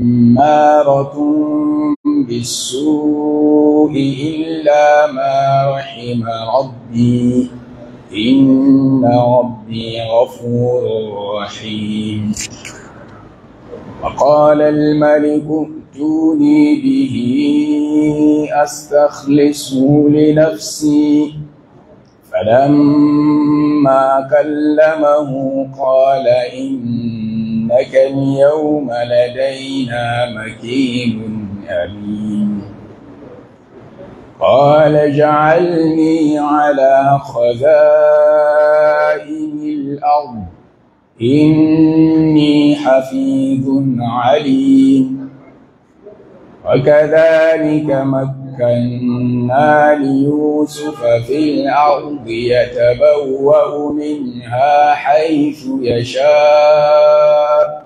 أمارة بالسوء إلا ما رحم ربي إن ربي غفور رحيم وقال الملك ائتوني به أستخلصه لنفسي فلما كلمه قال إن إنك اليوم لدينا مكين أليم قال اجعلني على خزائن الأرض إني حفيظ عليم وكذلك مكين مكنا ليوسف في الأرض يتبوأ منها حيث يشاء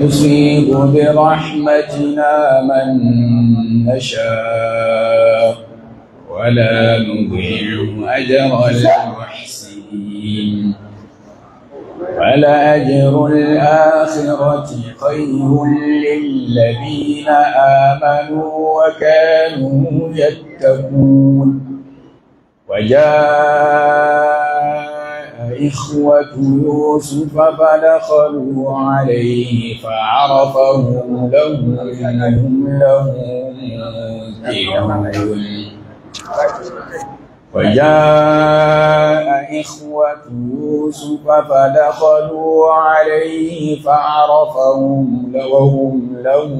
نصيب برحمتنا من نشاء ولا نضيع أجر المحسنين ولأجر الآخرة خير للذين آمنوا وكانوا يتقون وجاء إخوة يوسف فدخلوا عليه فعرفهم لهم أنهم له منكرون وجاء إخوة يوسف فدخلوا عليه فعرفهم وهم له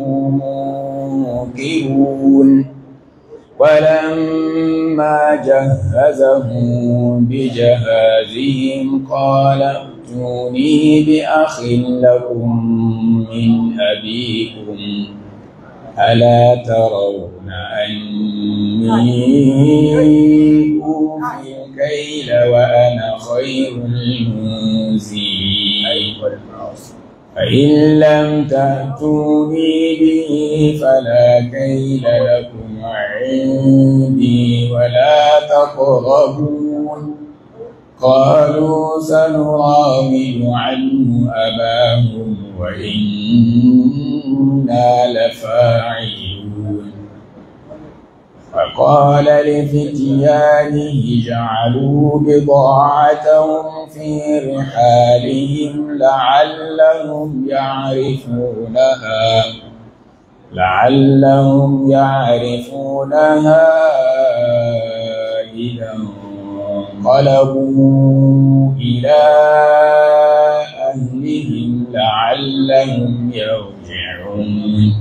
منكرون ولما جهزهم بجهازهم قال ائتوني بأخ لكم من أبيكم ألا ترون أني أوفي الكيل وأنا خير المنزلين فإن لم تأتوني به فلا كيل لكم عندي ولا تقربون قالوا سنراود عنه أباهم وإنا لفاعلون فقال لفتيانه جعلوا بضاعتهم في رحالهم لعلهم يعرفونها لعلهم يعرفونها إذا انقلبوا إلى أهلهم لعلهم يرجعون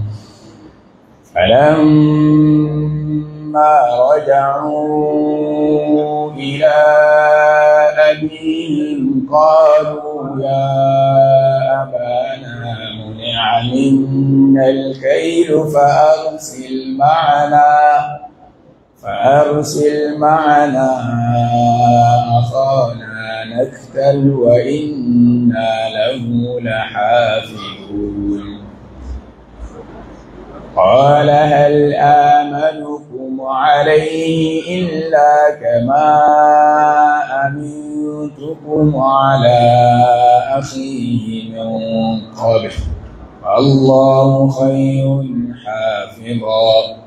فلما رجعوا إلى أبيهم قالوا يا أبانا منع منا الكيل فأرسل معنا فأرسل معنا أخانا نكتل وإنا له لحافظون قال هل آمنكم عليه إلا كما أمنتكم على أخيه من قبل الله خير حافظا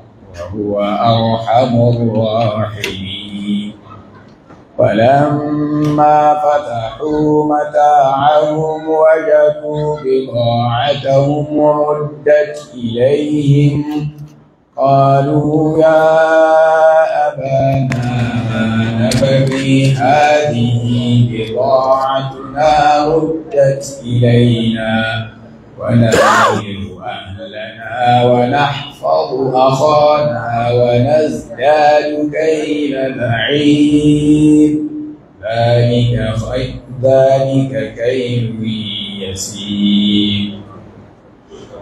وهو أرحم الراحمين ولما فتحوا متاعهم وجدوا بضاعتهم ردت إليهم قالوا يا أبانا ما نبغي هذه بضاعتنا ردت إلينا ونحن لنا ونحفظ أخانا ونزداد كيل بعيد ذلك خير ذلك كيل يسير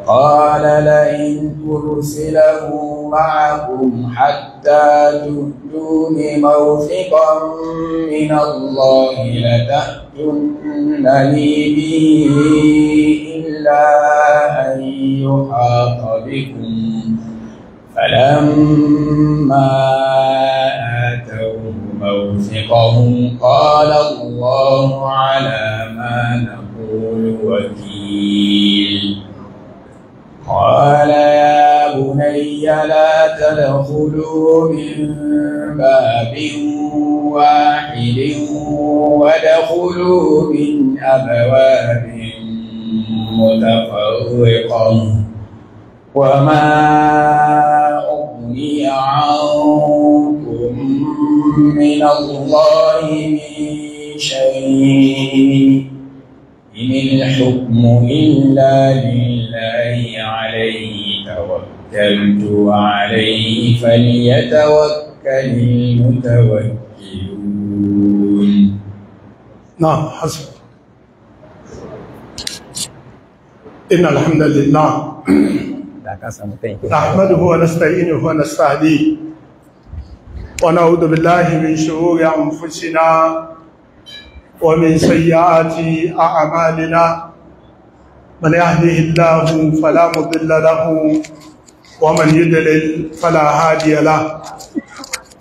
قال لئن أرسله معكم حتى تؤتون موثقا من الله لتأتونني به إلا يحاط بكم فلما آتوه موثقهم قال الله على ما نقول وكيل قال يا بني لا تدخلوا من باب واحد وادخلوا من أبواب متفرقا وما أغني عنكم من الله من شيء إن الحكم إلا لله عليه توكلت وعليه فليتوكل المتوكلون نعم حسب إن الحمد لله نحمده ونستعينه ونستهديه ونعوذ بالله من شرور أنفسنا ومن سيئات أعمالنا من يهده الله فلا مضل له ومن يضلل فلا هادي له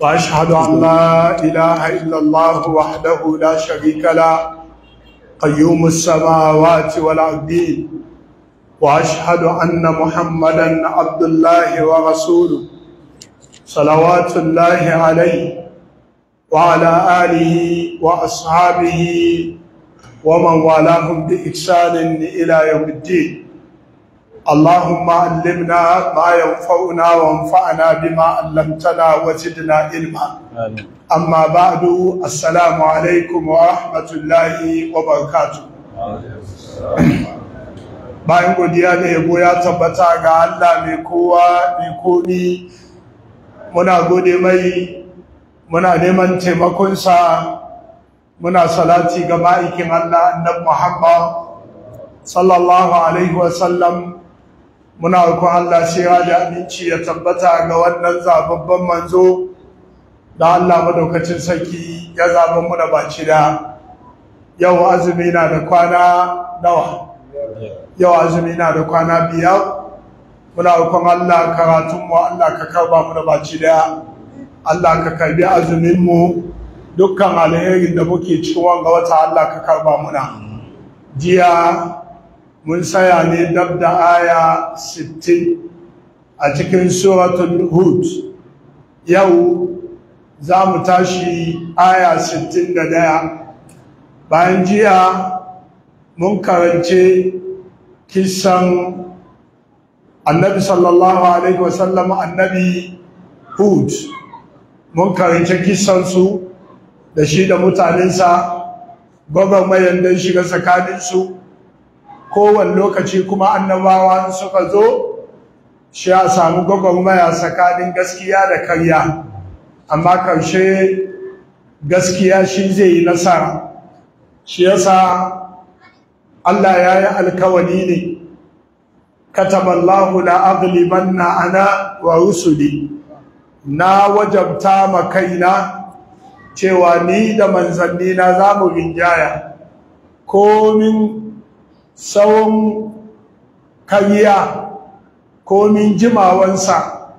وأشهد أن لا إله إلا الله وحده لا شريك له قيوم السماوات والأرضين واشهد ان محمدا عبد الله ورسوله صلوات الله عليه وعلى اله واصحابه ومن والاهم باحسان الى يوم الدين اللهم علمنا ما ينفعنا وانفعنا بما علمتنا وزدنا علما اما بعد السلام عليكم ورحمه الله وبركاته bayan godiya da yabo ya tabbata ga Allah mai kowa mai komi muna gode mai muna neman taimakonsa muna salati ga ma'aikin Allah annabi Muhammad sallallahu alaihi wasallam muna roƙon Allah ya da aminci ya tabbata ga wannan zababban manzo da Allah madaukakin sarki ya zaba mu da baci da yau azumi na da kwana nawa yau azumi na da kwana biyar muna roƙon Allah karatunmu Allah ka karba muna da baci daya Allah ka karbi azuminmu. dukkan alherin da muke cikin wanga wata Allah ka karba muna jiya mun saya ne dab da aya 60 a cikin suratul hud yau za mu tashi aya 61 bayan jiya mun karance kisan annabi sallallahu alaihi wasallam annabi hud mun karance kisansu da shi da mutanensa gwagwarmayan don shiga tsakaninsu kowane lokaci kuma annabawa suka zo shi a samu gwagwarmaya tsakanin gaskiya da karya amma karshe gaskiya shi zai yi nasara shi yasa Allah ya yi alkawali ne kataballahu la'aglibanna ana wa rusuli na wajabta ma kaina cewa ni da na za mu rinjaya komin tsawon kariya komin jimawansa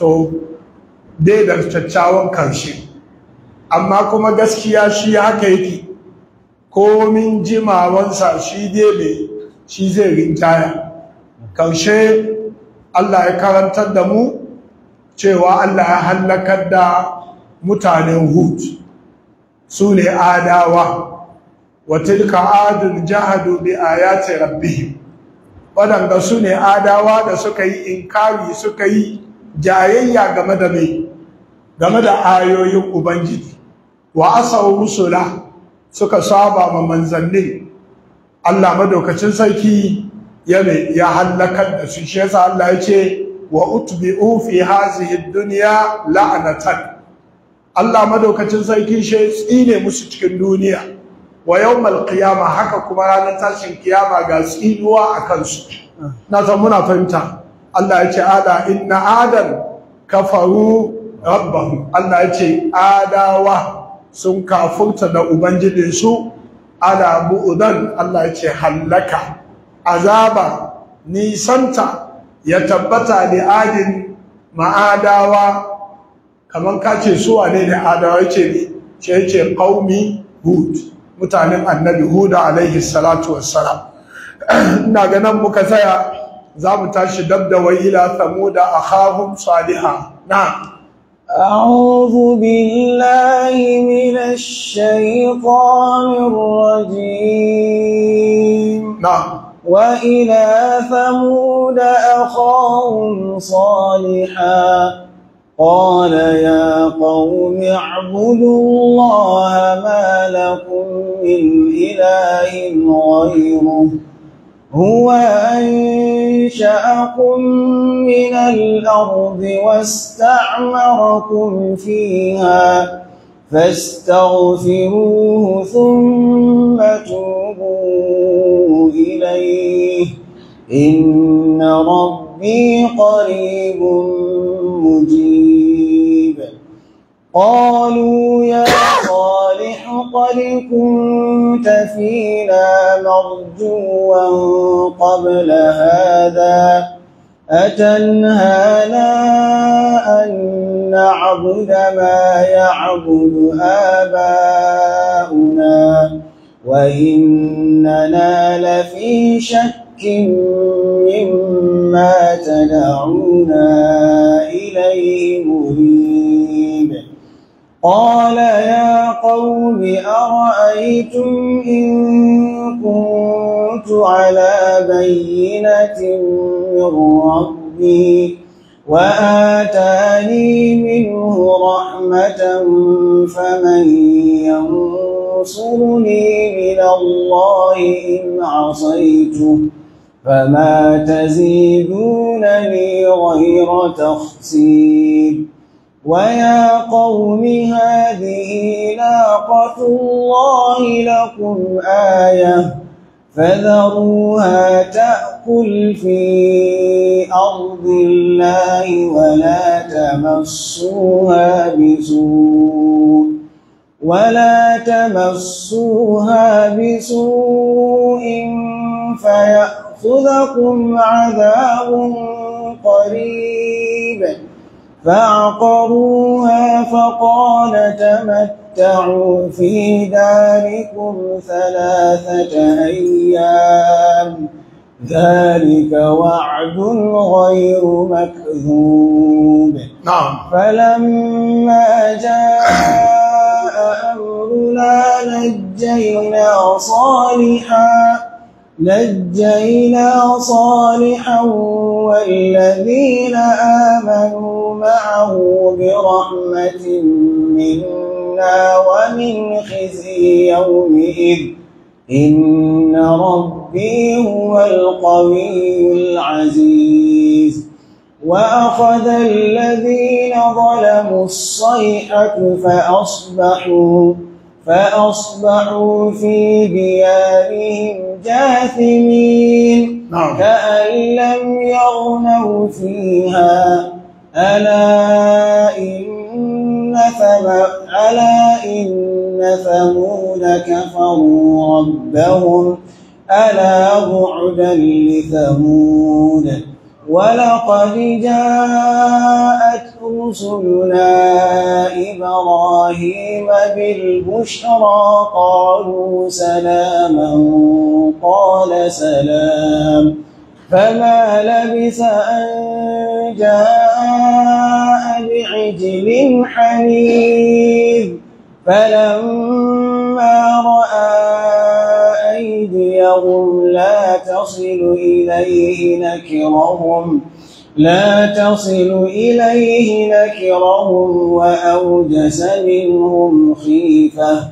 to dai da kyakkyawan karshe amma kuma gaskiya shi haka yake komin jimawansa shi dai shi zai rinkaya karshe Allah ya karantar da mu cewa Allah ya hallakar da mutanen hud su ne adawa wa adun jahadu bi ayati rabbihim waɗanda su ne adawa da suka yi inkari suka yi jayayya game da mai game da ayoyin ubangiji wa asaw rusula suka saba ma manzanni Allah madaukacin sarki ya ya halakar da su shi yasa Allah ya ce wa utbi'u fi hazihi dunya la'natan Allah madaukacin sarki shi tsine musu cikin duniya wa yawmal qiyama haka kuma ranar tashin kiyama ga tsinuwa a kansu na san muna fahimta Allah ya ce ada inna adan kafaru rabbahum Allah ya ce adawa sun kafurta da ubangijinsu ala bu'udan Allah ya ce hallaka azaba nisanta ya tabbata da adin ma'adawa Kamar ka ce su wane adawa ce ne ce ce ƙaumi hud mutanen annabi huda alaihi salatu wassara. ina ganin muka tsaya za mu tashi dab da wa ila thamuda akhahum na أعوذ بالله من الشيطان الرجيم نعم وإلى ثمود أخاهم صالحا قال يا قوم اعبدوا الله ما لكم من إله غيره هو أنشأكم من الأرض واستعمركم فيها فاستغفروه ثم توبوا إليه إن ربي قريب مجيب قالوا يا صالح صالح قد كنت فينا مرجوا قبل هذا أتنهانا أن نعبد ما يعبد آباؤنا وإننا لفي شك مما تدعونا إليه مريد قال يا قوم أرأيتم إن كنت على بينة من ربي وآتاني منه رحمة فمن ينصرني من الله إن عصيته فما تزيدونني غير تخسير ويا قوم هذه ناقة الله لكم آية فذروها تأكل في أرض الله ولا تمسوها بسوء ولا تمسوها بسوء فيأخذكم عذاب قريب فعقروها فقال تمتعوا في داركم ثلاثة أيام ذلك وعد غير مكذوب نعم فلما جاء أمرنا نجينا صالحا نجينا صالحا والذين آمنوا معه برحمة منا ومن خزي يومئذ إن ربي هو القوي العزيز وأخذ الذين ظلموا الصيحة فأصبحوا فأصبحوا في ديارهم الجاثمين نعم. كأن لم يغنوا فيها ألا إن ألا إن ثمود كفروا ربهم ألا بعدا لثمود ولقد جاءت رسلنا إبراهيم بالبشرى قالوا سلاما قال سلام فما لبث أن جاء بعجل حنيذ فلما رأى أنهم لا تصل إليه نكرهم لا تصل إليه نكرهم وأوجس منهم خيفة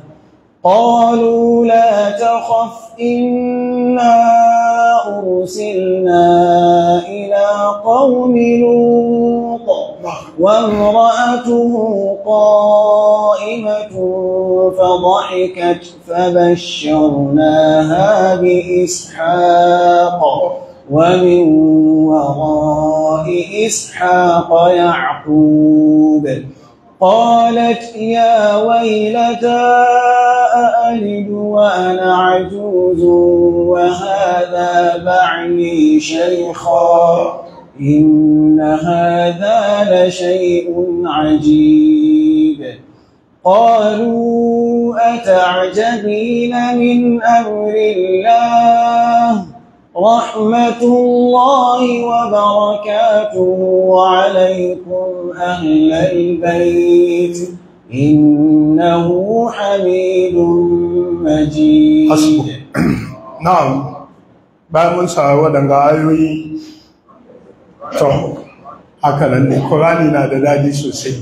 قالوا لا تخف إنا أرسلنا إلى قوم لوط وامرأته قائمة فضحكت فبشرناها بإسحاق ومن وراء إسحاق يعقوب قالت يا ويلتى أألد وأنا عجوز وهذا بعلي شيخا إن هذا لشيء عجيب قالوا أتعجبين من أمر الله رحمة الله وبركاته عليكم أهل البيت إنه حميد مجيد حسبك نعم bayan mun samu waɗanga ayoyi to haka nan ne ƙorani na da daɗi sosai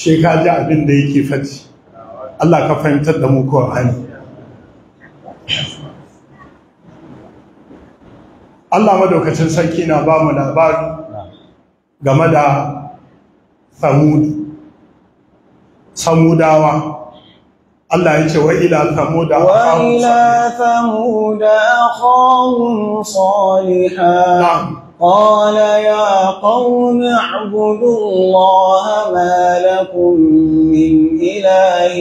She ka ji abin da yake faɗi Allah ka fahimtar da mu Qur'ani Allah madaukacin sarki na ba mu labari game da Samud Samudawa Allah ya ce wa ila samuda wa ila samuda akhahum salihah قال يا قوم اعبدوا الله ما لكم من إله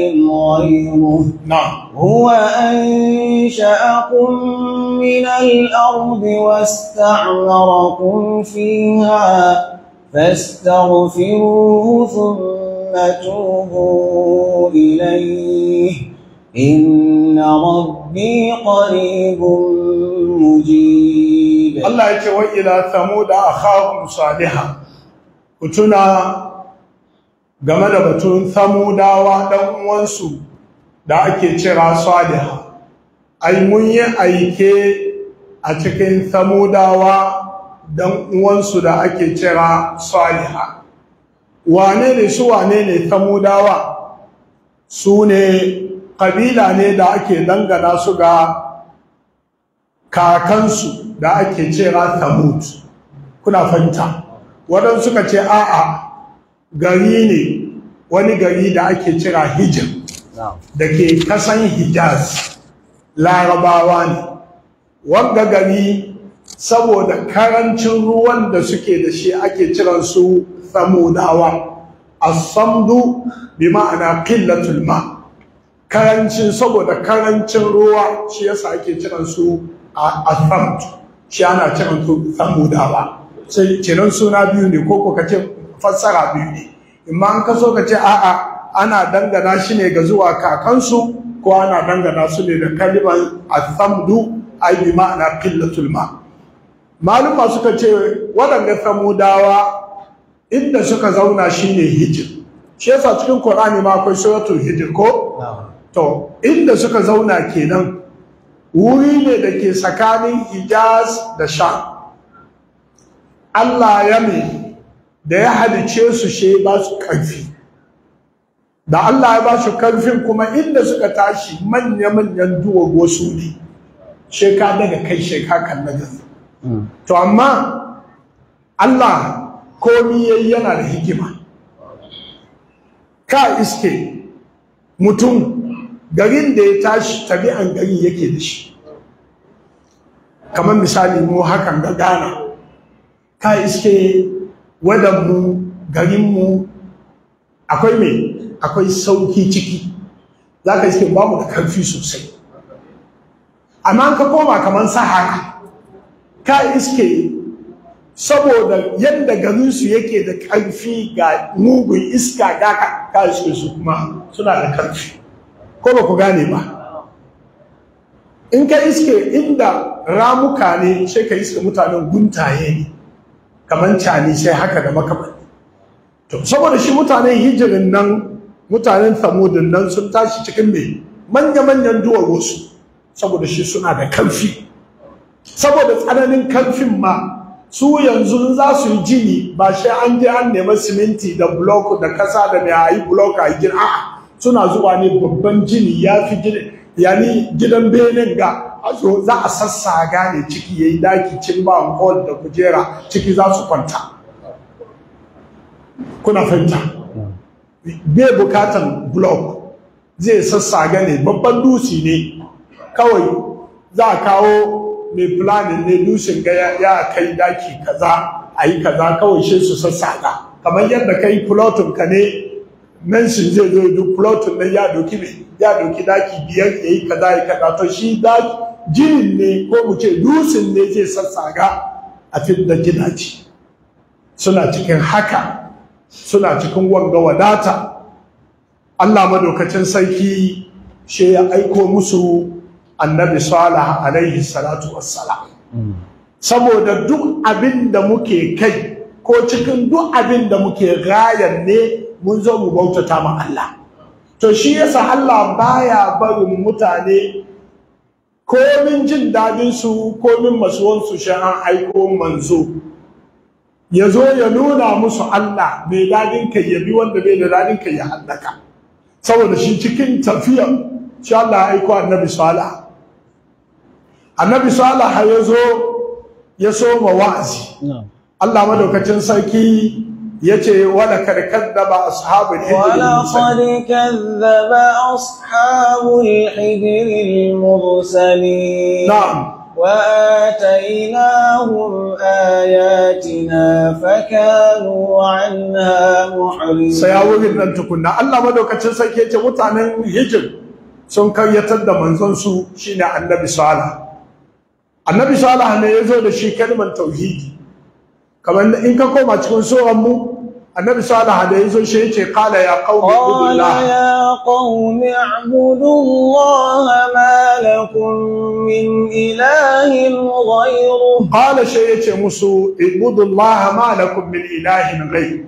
غيره نعم هو أنشأكم من الأرض واستعمركم فيها فاستغفروه ثم توبوا إليه إن ربي قريب مجيب Allah ya ce wa ila thamuda akhahum salihah ku game da batun samudawa ɗan uwansu da ake cira saliha ai mun yi aike a cikin samudawa ɗan uwansu da ake cira saliha wane ne su wane ne samudawa su ne ƙabila ne da ake dangana su ga kakansu da ake cewa tamut kuna fanta waɗansu suka ce a'a gari ne wani gari da ake cira hijir da ke kasan hijaz larabawa ne wanga gari saboda karancin ruwan da suke da shi ake ciran ciransu samudawa asamdu bi ma'ana qillatul ma karancin saboda karancin ruwa shi yasa ake ciran su a samt shi ana kiran su ba sai kenan suna biyu ne ko ko kace fassara biyu ne amma an kaso kace a'a ana dangana shi ne ga zuwa kakansu ko ana dangana su ne da kaliban asamdu ai bi ma'ana qillatul ma suka ce waɗanda samudawa inda suka zauna shine hijir shi yasa cikin qur'ani ma akwai suratul hijir ko to inda suka zauna kenan wuri ne da ke tsakanin hijaz da sha Allah ya ne da ya halice su she ba su ƙarfi da Allah ya ba su ƙarfin kuma inda suka tashi manya-manyan duwago su ne sheka daga kai sheka kan hmm. to amma Allah komi yayi yana da hikima ka iske mutum garin da ya tashi tabi'an garin yake da shi kamar misali mu hakan ga gana ka iske wadanmu garinmu akwai mai akwai sauki ciki za ka iske mu da karfi sosai amma ka koma kamar sahara ka iske saboda yadda garinsu yake da karfi ga mugun iska ga ka iske su kuma suna da karfi ko ba ku gane ba in ka iske inda ramuka ne sai ka iske mutanen guntaye ne kamar cani sai haka da makamanni to saboda shi mutanen hijirin nan mutanen samudin nan sun tashi cikin mai manya-manyan duwawunsu saboda shi suna da kamfi saboda tsananin kamfin ma su yanzu za su yi jini ba shi an je an nemi siminti da blok da kasa da mai a yi a yi gina suna zuwa ne babban jini ya fi gida, yani gidan benin ga za a sassaga ne ciki ya yi daki cin ba hall da kujera ciki za su kwanta kuna fahimta bai bukatan block zai sassaga ne babban dusi ne kawai za a kawo mai planin ne dusin ga ya kai daki kaza a yi kaza kawai shi su sassa ga. kamar yadda kai plotin ka ne nan shi zai zo duk plotin na ya doki ya doki daki biyar ya yi kaza ya kaza to shi da jinin ne ko mu ce dusin ne zai sassaga a fidda gidaci suna cikin haka suna cikin wanga wadata Allah madaukacin sarki shi ya aiko musu annabi salih alaihi salatu wassalam hmm. saboda duk abin da muke kai ko cikin duk abin da muke rayan ne mun zo mu bautata ma Allah to shi yasa Allah baya barin mutane komin jin dadin su komin masuwan su shi an aiko manzo ya zo ya nuna musu Allah mai dadin kai ya bi wanda bai da dadin kai ya haddaka saboda shi cikin tafiya shi Allah aiko annabi salih annabi salih ya zo ya soma wa'azi Allah madaukacin sarki yace wala kad kadzaba ashabul hijr wala qad kadzaba ashabul hijr al mursalin na'am وآتيناهم آياتنا فكانوا عنها محرمين سياوغن أن تكون الله مدو كتن سيكيت وطعن هجر sun karyatar da manzonsu shine annabi salih annabi salih ne ya zo da shi kalmar tauhidi kamar da in ka koma cikin tsoronmu annabi salaha da ya zo shi yake kala ya kawo ibudullaha ya ce musu ibudullaha malakun min rai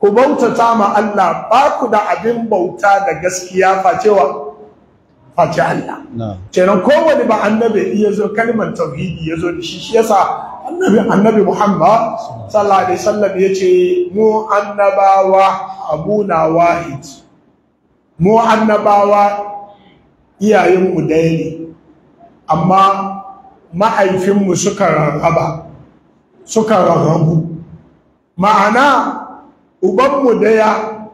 ku bautata ma Allah ba ku da abin bauta da gaskiya ba face Allah kenan kowane ba annabi iya zo kalmar tauhidi ya zo da shi shi yasa annabi annabi Muhammad sallallahu alaihi wasallam yace mu annabawa abuna wahid mu annabawa iyayen mu ne amma mu suka rarraba suka rarrabu ma'ana ubanmu daya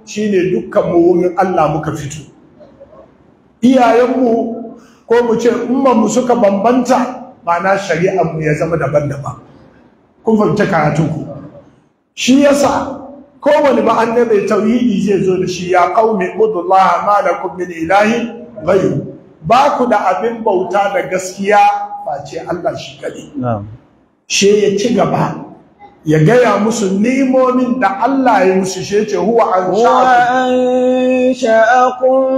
shine dukkan mu wurin Allah muka fito iyayenmu ko mu ce mu suka bambanta ma'ana mu ya zama daban-daban kun fahimci karatunku shi yasa kowane ba annabi tauhidi zai zo da shi ya qaumi budullah ma lakum min ilahin ghayr ba ku da abin bauta da gaskiya face Allah shi kadai she ya ci gaba ya gaya musu nimomin da Allah ya musu shi ce huwa an sha'akum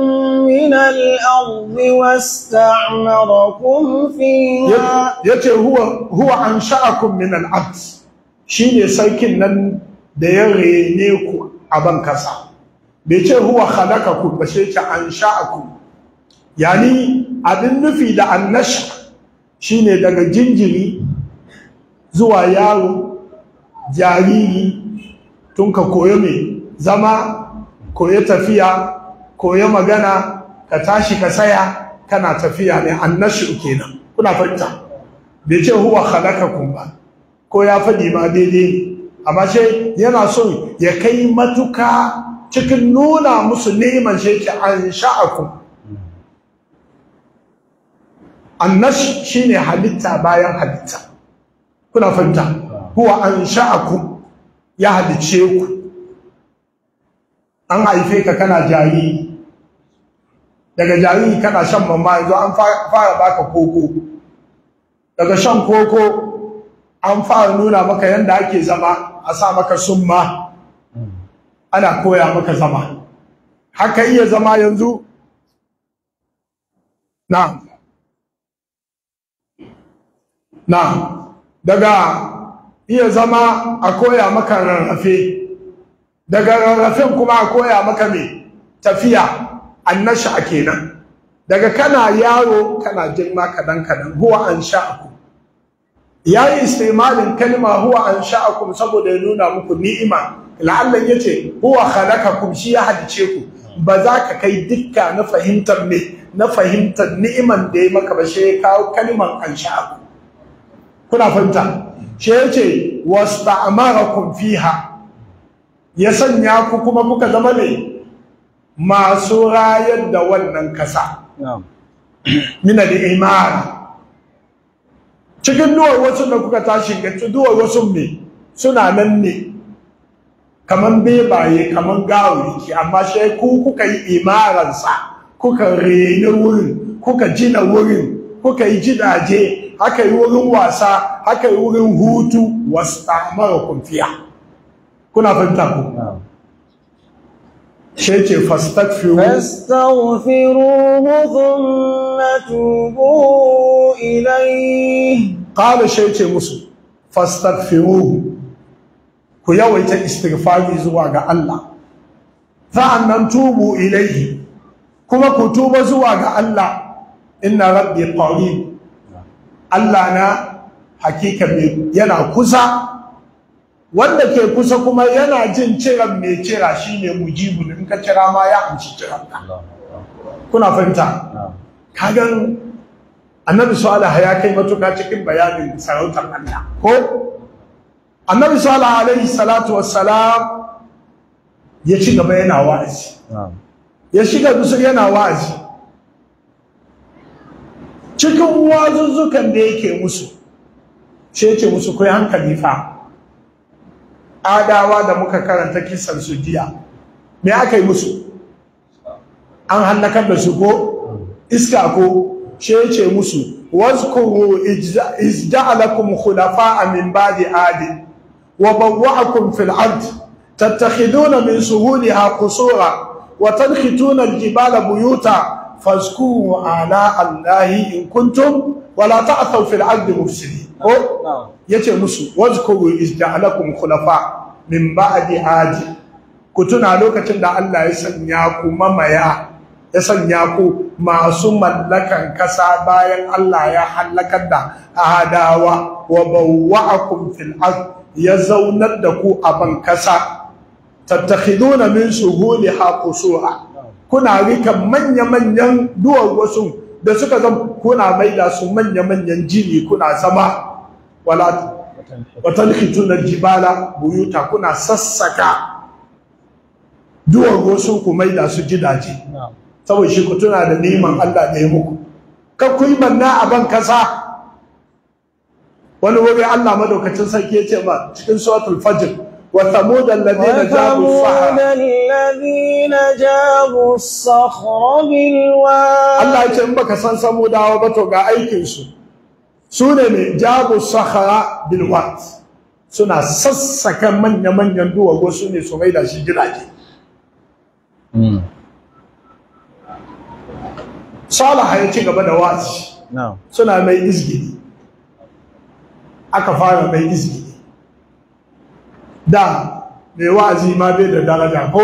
min al-ardi wasta'marakum fiha yace huwa huwa an sha'akum min al-ard shine sarkin nan da ya rene ku a ban kasa bai ce huwa khalaqakum ba sai ce an sha'akum yani abin nufi da annash shine daga jinjiri zuwa yaro jariri tun ka koyo mai zama koyo tafiya koyo magana ka tashi ka saya kana tafiya ne uke kenan kuna fahimta bai ce huwa halaka ba ko ya faɗi ma daidai ne amma shi yana so ya kai matuka cikin nuna musu neman shi yake an sha'akun annash shine halitta bayan halitta kuna fahimta huwa an sha'aku ya halice ku an haife ka kana jari. daga jariri kana shan mamma yanzu an fara baka koko daga shan koko an fara nuna maka yadda ake zama a sa maka summa ana koya maka zama haka iya zama yanzu na na daga iya zama a koya maka rarrafe daga rarrafen kuma a koya maka mai tafiya annasha kenan daga kana yaro kana girma kadan kadan huwa an sha'akum ya yi istimalin kalma huwa an sha'akum saboda ya nuna muku ni'ima la'allan yace huwa khalaqakum shi ya hadice ku ba za ka kai dukka na fahimtar ne na fahimtar ni'iman da ya maka ba shi ya kawo kalman an kuna fahimta ce ce wasta'marakum fiha ya sanya ku kuma kuka zama ne masu rayar da wannan kasa mina da iman. cikin duwar wasu da kuka tashi ga duwar wasu ne suna nan ne kaman bebaye kaman gawuriki amma sai ku kuka yi imaransa kuka reni wurin kuka jina wurin kuka yi gidaje haka yi wurin wasa haka yi wurin hutu wastamarakum kumfiya. kuna fahimta ko ce ce fastaghfiru fastaghfiruhu na tubu ilai ƙada ce ce musu fastaghfiruhu ku yawaita istirfari zuwa ga Allah nan tubu ilai kuma ku tuba zuwa ga Allah Ina rabbi ƙari Allah na hakika yana kusa wanda ke kusa kuma yana jin cira mai kira shine mujibu in ka kira ma ya amshi kiranka kuna fahimta kagan annabi salih ya kai matuka cikin bayanin sarautar Allah ko annabi salih alaihi salatu wassalam ya ci gaba yana wa'azi ya shiga dusur yana wa'azi cikin wazuzzukan da yake musu shi yake musu kai hankali fa adawa da muka karanta kisan su jiya me aka yi musu an hallakar da su ko iska ko shi yake musu wazkuru izja'alakum khulafa'a min ba'di adi wa bawwa'akum fil ard tattakhiduna min suhuliha qusura wa tanhituna al-jibala buyuta fazkuru ala allahi in kuntum wala ta'thaw fil ardi mufsidin ko yace musu wazkuru izda'alakum khulafa min ba'di adi ku tuna lokacin da Allah ya sanya ku mamaya ya sanya ku masu mallakan kasa bayan Allah ya halakar da ahadawa wa bawwa'akum fil ard ya zaunar da ku a ban kasa tattakhiduna min suhuliha qusura kuna rika manya-manyan duwawwasu da suka zama kuna maida su manya-manyan jini kuna zama wala na Jibala buyuta kuna sassaka duwawwasu ku maida su gidaje saboda shi ku tuna da neman Allah da ya muku kan ku yi banna a ban kasa wani wuri Allah madaukacin sarki ya ce ma cikin suratul fajr وثمود الذين جابوا الصخر الذين جابوا الصخر بالواد ya ce in baka san samudawa ba to ga aikinsu. su sune ne jabu sakhara bil suna sassaka manyan manyan duwago sune su mai da shi gidaje Salaha ya ci gaba da wazi suna mai izgidi aka fara mai izgi. da mai wa'azi ma bai da daraja ko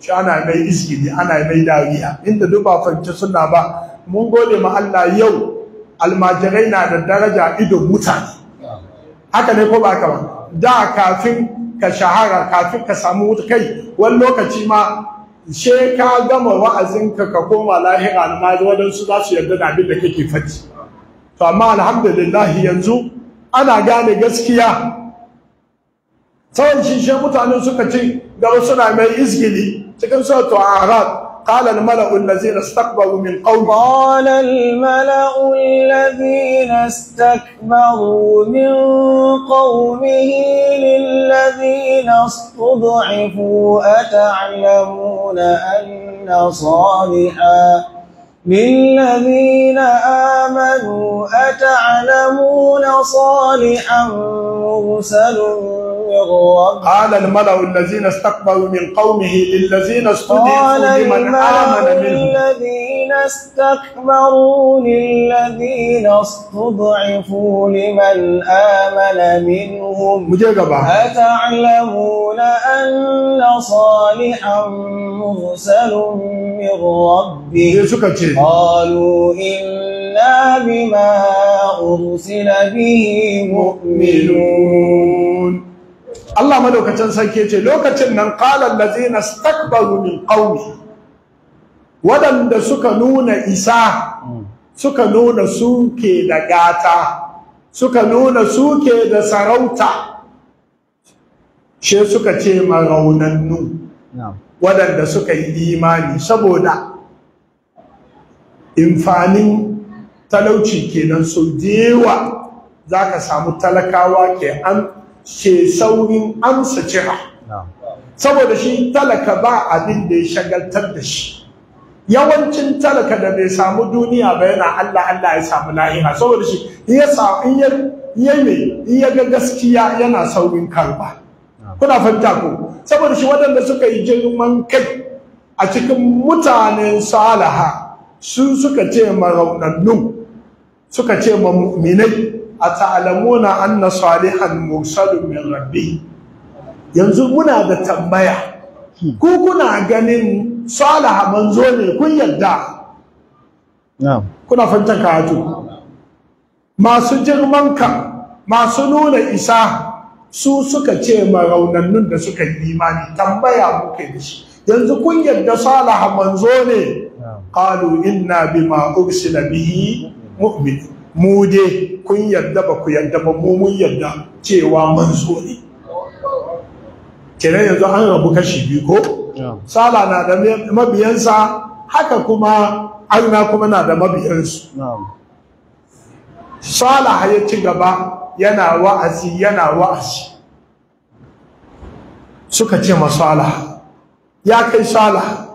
shi ana mai ne ana mai dariya inda duk ba suna ba mun gode ma Allah yau almajirai na da daraja ido mutane haka ne ko ba haka ba da kafin ka shahara kafin ka samu wuta kai wani lokaci ma she ka gama wa'azinka ka koma lahira almaji wadansu za su yarda da abin da kake fati to amma alhamdulillah yanzu ana gane gaskiya tsawon shishe mutanen suka ci gaba suna mai izgili cikin sautu a arab قال الملأ الذين استكبروا من قومه قال الملأ الذين استكبروا من قومه للذين استضعفوا أتعلمون أن صالحا للذين آمنوا أتعلمون صالحا مرسل قال الملأ الذين استقبلوا من قومه للذين استضعفوا لمن آمن منهم استكبروا للذين استضعفوا لمن آمن منهم أتعلمون أن صالحا مرسل من ربه قالوا إنا بما أرسل به مؤمنون Allah madaukacin sarki ce lokacin nan qala allazina istakbaru min qaumi waɗanda suka nuna isa suka nuna suke da gata suka nuna suke da sarauta she suka ce maraunannu waɗanda suka yi imani saboda imfanin talauci kenan su dewa za ka samu talakawa ke ce saurin amsa cira saboda shi talaka ba abin da ya shagaltar da shi yawancin talaka da bai samu duniya ba yana Allah Allah ya samu lahira saboda shi ya samu in ya ya me in ya ga gaskiya yana saurin karba kuna fahimta ko saboda shi waɗanda suka yi girman kai a cikin mutanen salaha sun suka ce ma raunannu suka ce ma mu'minai a ta'alamuna anna salihan mursalun min rabbi yanzu muna da tambaya ku kuna ganin salaha manzo ne kun yadda kuna fanta kato masu jirman ka masu nuna isa su suka ce maraunannun da suka yi imani tambaya muke da yanzu kun yadda salaha manzo ne qalu inna bima ursila bihi mu'min mu dai kun yadda ba ku yadda ba mu mun yadda cewa manzo ne kenan yanzu an rabu kashi biyu ko sala na da mabiyansa haka kuma aina kuma na da mabiyansu sala ya ci gaba yana wa'azi yana wa'azi suka ce masala ya kai sala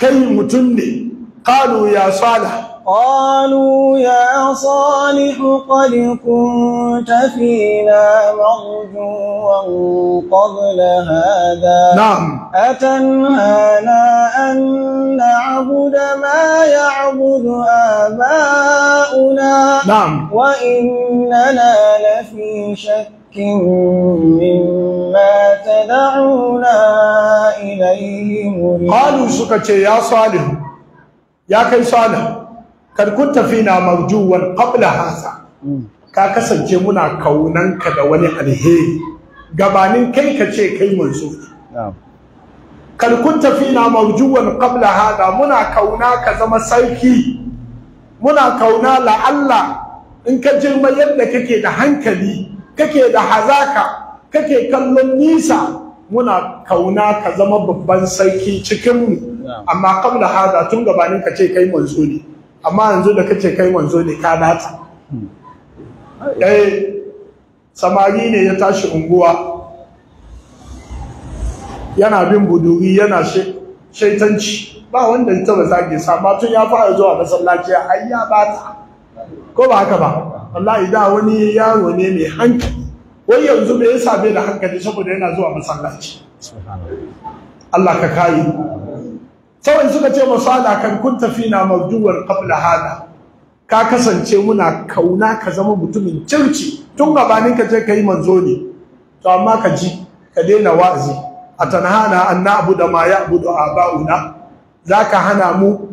kai mutum ne kalu ya sala قالوا يا صالح قد كنت فينا مرجوا قبل هذا نعم أتنهانا أن نعبد ما يعبد آباؤنا نعم وإننا لفي شك مما تدعونا إليه مريد قالوا سكتي يا صالح يا كي صالح kad kunta fina marjuwan qabla hasa hmm. ka kasance muna kaunanka da wani alheri gabanin kai ka ce kai manzo kad kunta fina marjuwan qabla hada muna kauna ka zama sarki muna kauna la Allah in ka girma yadda kake da hankali kake da hazaka kake kallon nisa muna kauna ka zama babban sarki cikinmu amma qabla hada tun gabanin ka ce kai manzo ne amma yanzu da kace kai manzo ne ka nata eh samari ne ya tashi unguwa yana bin buduri yana shaitanci ba wanda ya taba zage sa ba tun ya fara zuwa masallaci ai ya bata ko ba haka ba wallahi da wani yaro ne mai hankali wai yanzu me yasa bai da hankali saboda yana zuwa masallaci Allah ka kai sauran suka ce masala kan kun tafi na mabduwar kabla hada ka kasance muna kauna ka zama mutumin circi tun gabanin ka je ka yi manzo ne to amma ka ji ka daina wa'azi a tanhana an na'budu ma ya'budu aba'una ka hana mu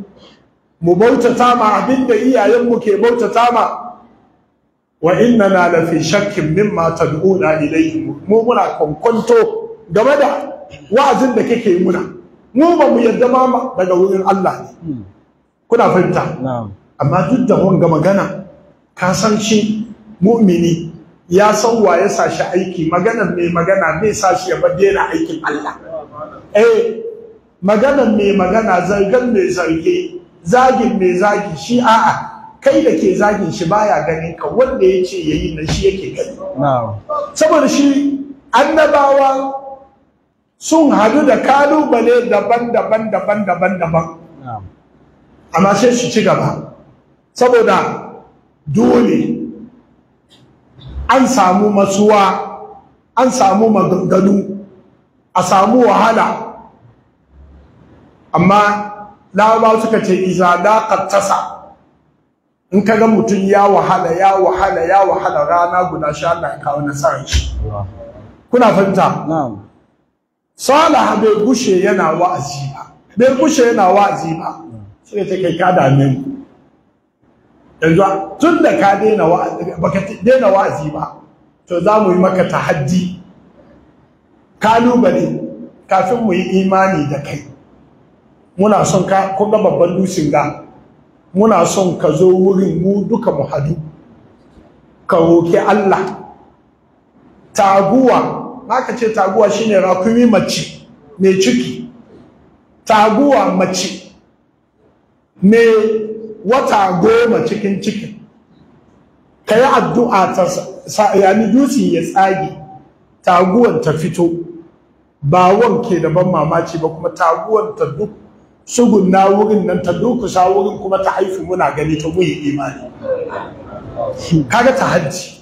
mu bautata ma da iyayenmu ke bautata ma wa inna na fi shakkin mimma tad'una ilayhi mu muna kwankwanto game da wa'azin da kake yi muna mu ba mu yarda ma daga wurin Allah ne hmm. kuna fahimta amma duk da wanga magana ka san shi mu'mini ya san wa ya sa shi aiki maganar mai magana mai sa shi ya bar daina aikin Allah eh maganar mai magana zargan mai zarge zagin mai zagi shi a'a kai da ke zagin shi baya gani ka wanda ya ce yayi na shi yake gani saboda shi annabawa sun hadu da kalubale daban-daban daban-daban daban amma sai su ci gaba saboda dole an samu masuwa an samu maganganu a samu wahala amma lawa suka ce iza da tasa in kaga mutum ya wahala ya wahala ya wahala rana guda sha Allah ya kawo nasarar shi kuna fahimta Salah bai gushe yana wa'azi ba bai gushe yana wa'azi ba sai ta kai ka dame mu yanzu tun da ka daina wa'azi baka daina wa'azi ba to za mu yi maka tahaddi kalubale kafin mu yi imani da kai muna son ka ko ga babban dusin ga muna son ka zo wurin mu duka mu hadu ka roki Allah taguwa naka ce taguwa shine rakumi mace mai ciki taguwa mace ne wata goma cikin ciki ka yi addu'a ta yani dusi ya tsage taguwan ta fito ba wanke da ban mamaci ba kuma taguwan ta duk sugunna wurin nan ta sa wurin kuma ta haifi muna gani ta muyi imani kaga ta hajji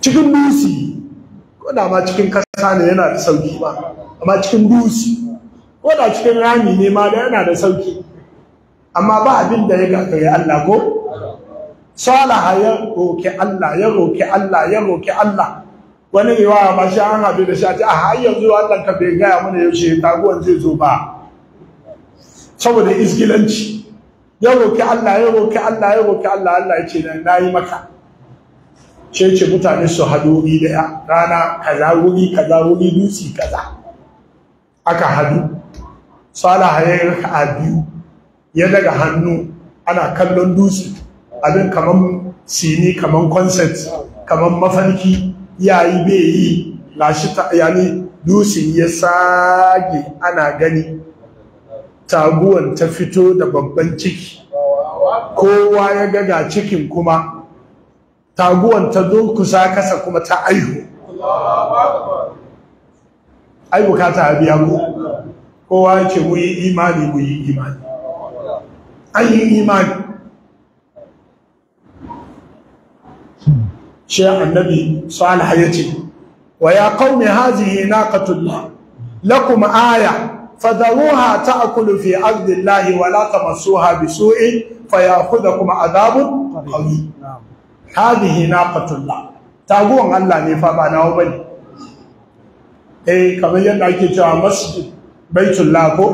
cikin dutse ko ma cikin kasa ne yana da sauki ba amma cikin dusu ko da cikin rami ne ma da yana da sauki amma ba abin da ya gagare Allah ko salaha ya roki Allah ya roki Allah ya roki Allah wani yawa ma shi an haɗu da shi a har yanzu Allah ka bai gaya mana yaushe taguwan zai zo ba saboda isgilanci ya roki Allah ya roki Allah ya roki Allah Allah ya ce na yi maka cece mutane su haɗu wuri daya. rana kaza wuri kaza wuri dutse kaza aka haɗu salaha ya yi biyu ya daga hannu ana kallon dutse abin kaman sini kaman concert kaman mafarki yayi bai yi gashi ta yani dutse ya sage ana gani taguwan ta fito da babban ciki kowa ya gaga cikin kuma تاغو انت دو كسا كسا كما تا ايو ايو كاتا ابيانو كو ايكي وي ايماني وي ايماني اي ايماني شيخ النبي سؤال حياتي ويا قوم هذه ناقة الله لكم آية فذروها تأكل في أرض الله ولا تمسوها بسوء فيأخذكم عذاب قوي hadhihi naqatullah taguwan Allah ne fa ba nawo bane eh kamar yadda ake cewa masjid baitullah ko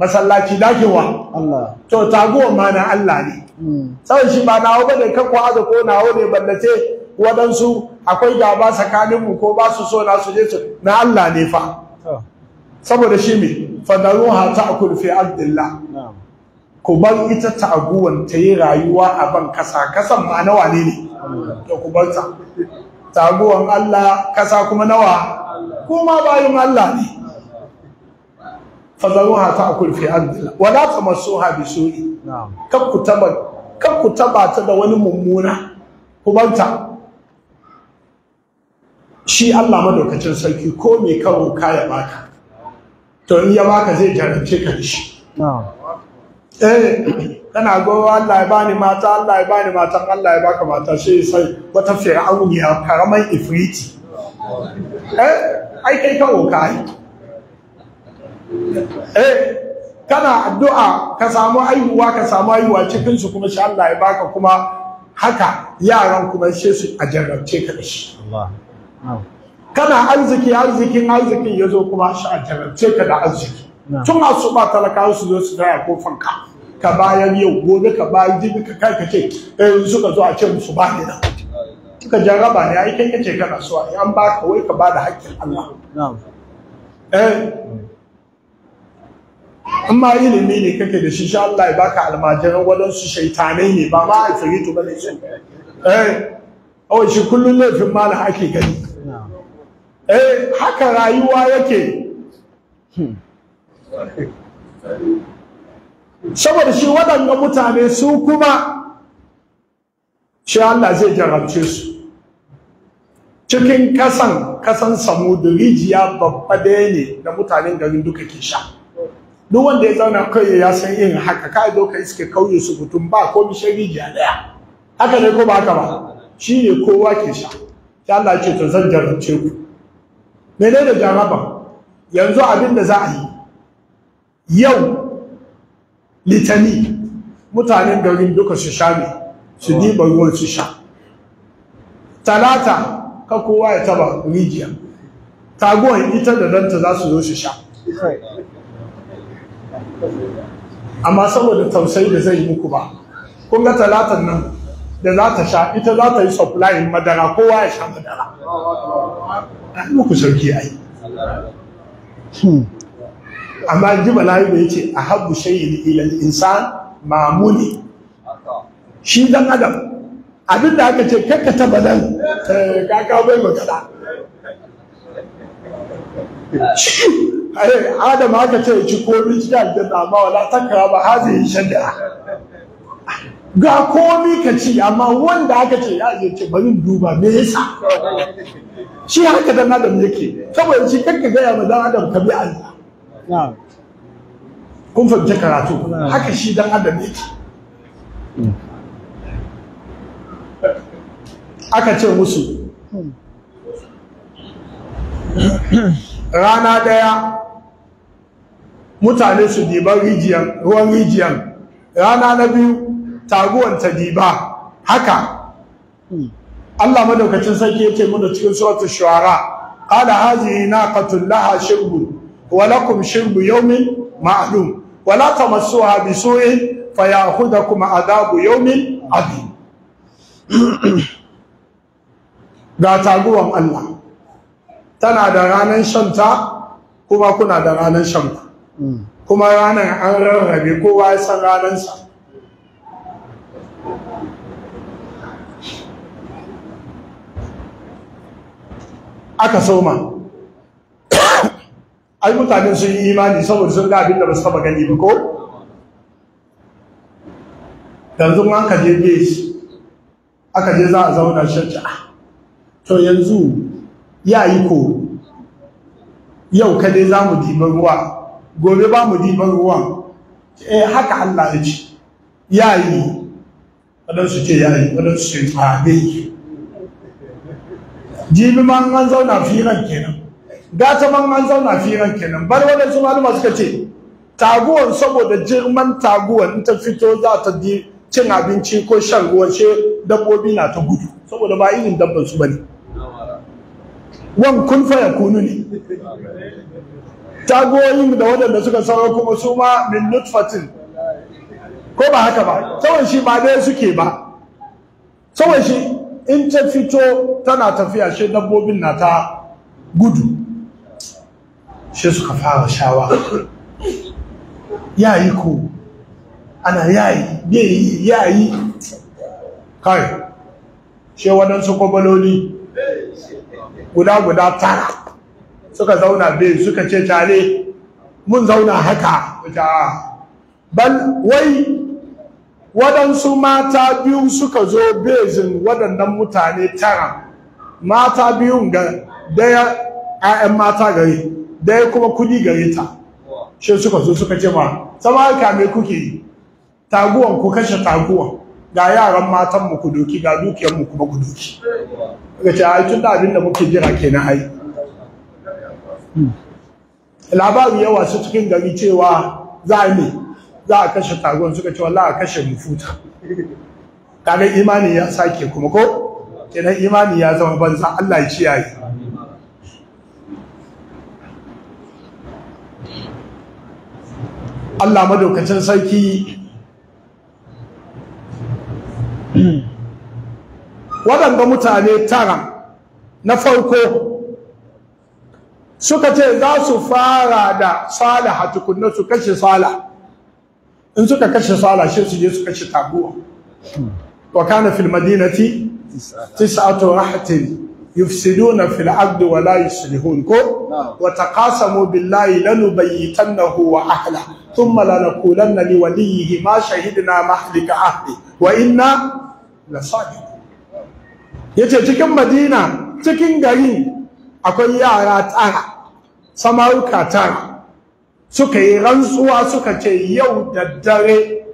masallaci dakewa Allah to taguwan ma na Allah ne hmm. sai shi ba nawo bane kan ko aza ko nawo ne ballace wadansu akwai gaba tsakanin mu ko ba su so na su je su na Allah ne fa saboda shi me fadaruha ta'kul fi ardillah na'am ku bar ita taguwan ta yi rayuwa a ban kasa kasan ma nawa ne ne da ku bar ta taguwan Allah kasa kuma nawa kuma bayan Allah ne fazaruha akul fi ardil wa la tamassuha bi su'i kan ku taba Kan ku taba ta da wani mummuna ku ta shi Allah madaukakin sarki ko me karo kaya baka to in ya baka zai jarance ka shi na'am eh kana go Allah ya bani mata Allah ya bani mata Allah ya baka mata shi sai wata fir'auniya karaman ifriti eh ai kai ka kai eh kana addu'a ka samu aihuwa ka samu aihuwa cikin su kuma shi Allah ya baka kuma haka yaran kuma sai su a jarrabce ka da shi Allah kana arziki arzikin arzikin yazo kuma shi a jarrabce ka da arziki tun asuba talakawa su zo su tsaya kofan ka ka bayan yau gobe ka bayi, jibi ka kai ka ce eh suka zo a ce musu ba ni nan suka jaraba ne ai kai kace kana so ai an baka wai ka bada haƙƙin Allah eh amma ilimi ne kake da shi insha Allah ya baka almajiran wadansu shaitanai ne ba ma alfaritu bane eh, oh, shi eh awai shi kullun laifin malam ake gani eh haka rayuwa yake hmm. saboda shi waɗanda mutane su kuma shi Allah zai jarabce su cikin kasan kasan samu rijiya babba daya ne da mutanen garin duka ke sha duk wanda ya zauna kai ya san yin haka ka doka iske kauye su mutum ba ko bishiyar rijiya daya. haka ne ko ba haka ba shi ne kowa ke sha shi Allah ce to zan jarabce ku menene jarabar? yanzu abin da za a yi yau litani mutanen garin duka su sha ne su diba ruwan su sha talata ka kowa ya taba rijiya taguwan ita da danta za su zo su sha amma saboda tausayi da zai muku ba kun ga talatan nan da za ta sha ita za ta yi supply madara kowa ya sha madara muku amma ji bala'i da ya ce a shayi da ilal insan mamuni shi dan adam abin da aka ce kakka taba nan kaka eh, bai magana adam aka ce ci komi cikin da amma wala takara ba hazi yi shadda ga komi ka ci amma wanda aka ce ya ce bari duba me yasa shi haka dan adam yake saboda shi kakka gaya ma dan adam ka bi Allah kun fahimci karatu haka shi dan adam yake aka ce musu rana daya mutane su diban rijiyan ruwan rijiyan rana na biyu taguwan ta diba haka Allah madaukacin sarki yake mana cikin suratul shuara qala hazihi naqatun laha shirbun walakum shirbu yawmin ma'lum wala tamassuha bisu'in fayakhudhukum adabu yawmin adhim ga taguwan Allah tana da ranar shanta kuma kuna da ranan shanku, hmm. kuma ranar an rarrabe kowa ya san ranansa. aka soma ai mutanen sun yi imani saboda sun ga abin da ba su taba gani ba ko yanzu ma aka je gate aka je za a zauna shacca ah, to yanzu ya yi ko yau dai za mu diban ruwa gobe ba mu diban ruwa eh haka Allah ya ce ya yi waɗansu ce ya yi waɗansu ce ba jibi ma an zauna firan kenan Ga ta man an zauna firan kenan bar waɗansu malama suka ce taguwan saboda jirman taguwan in ta fito za ta di cin abinci ko shan ruwan she dabbobi na ta gudu saboda ba irin dabban su bane wan kun fa kunu ne taguwoyin da waɗanda suka sauro kuma su ma min nutfatin ko ba haka ba saboda shi ba dai suke ba saboda shi in ta fito tana tafiya shi dabbobin na ta gudu shi suka fara shawa yayi ko ana yayi yi yayi kai shi waɗansu kwabaloli guda-guda tara suka zauna bai suka ce tare mun zauna haka ah. bal wai waɗansu mata biyu suka zo bezin waɗannan mutane tara mata biyun ga daya 'ya'yan mata gari Daya kuma kuɗi gare ta shi suka zo suka ce ma sabarka me kuke yi taguwan ku kashe taguwan ga yaran matan mu ku doki ga dukiyar mu kuma ku doki ga ce ai tun da abin da muke jira kenan ai labari yawa su cikin gari cewa za ne za a kashe taguwan suka ce wallahi a kashe mu futa kaga imani ya sake kuma ko kenan imani ya zama banza Allah ya ciyaye Allah madaukacin sarki waɗanda mutane tara na farko suka ce za su fara da tsala tukunna su kashe tsala. in suka kashe tsala, shi su je su kashe taguwa Wakana filmadinati, fil madinati tis'atu rahatin yufsiduna fil ardi wa la yuslihun ko wa taqasamu billahi lanubayyitannahu wa ahla thumma lanaqulanna li waliyhi ma shahidna mahlika ahli wa inna la sadiqun yace cikin madina cikin gari akwai yara tara samauka tara suka yi rantsuwa suka ce yau da dare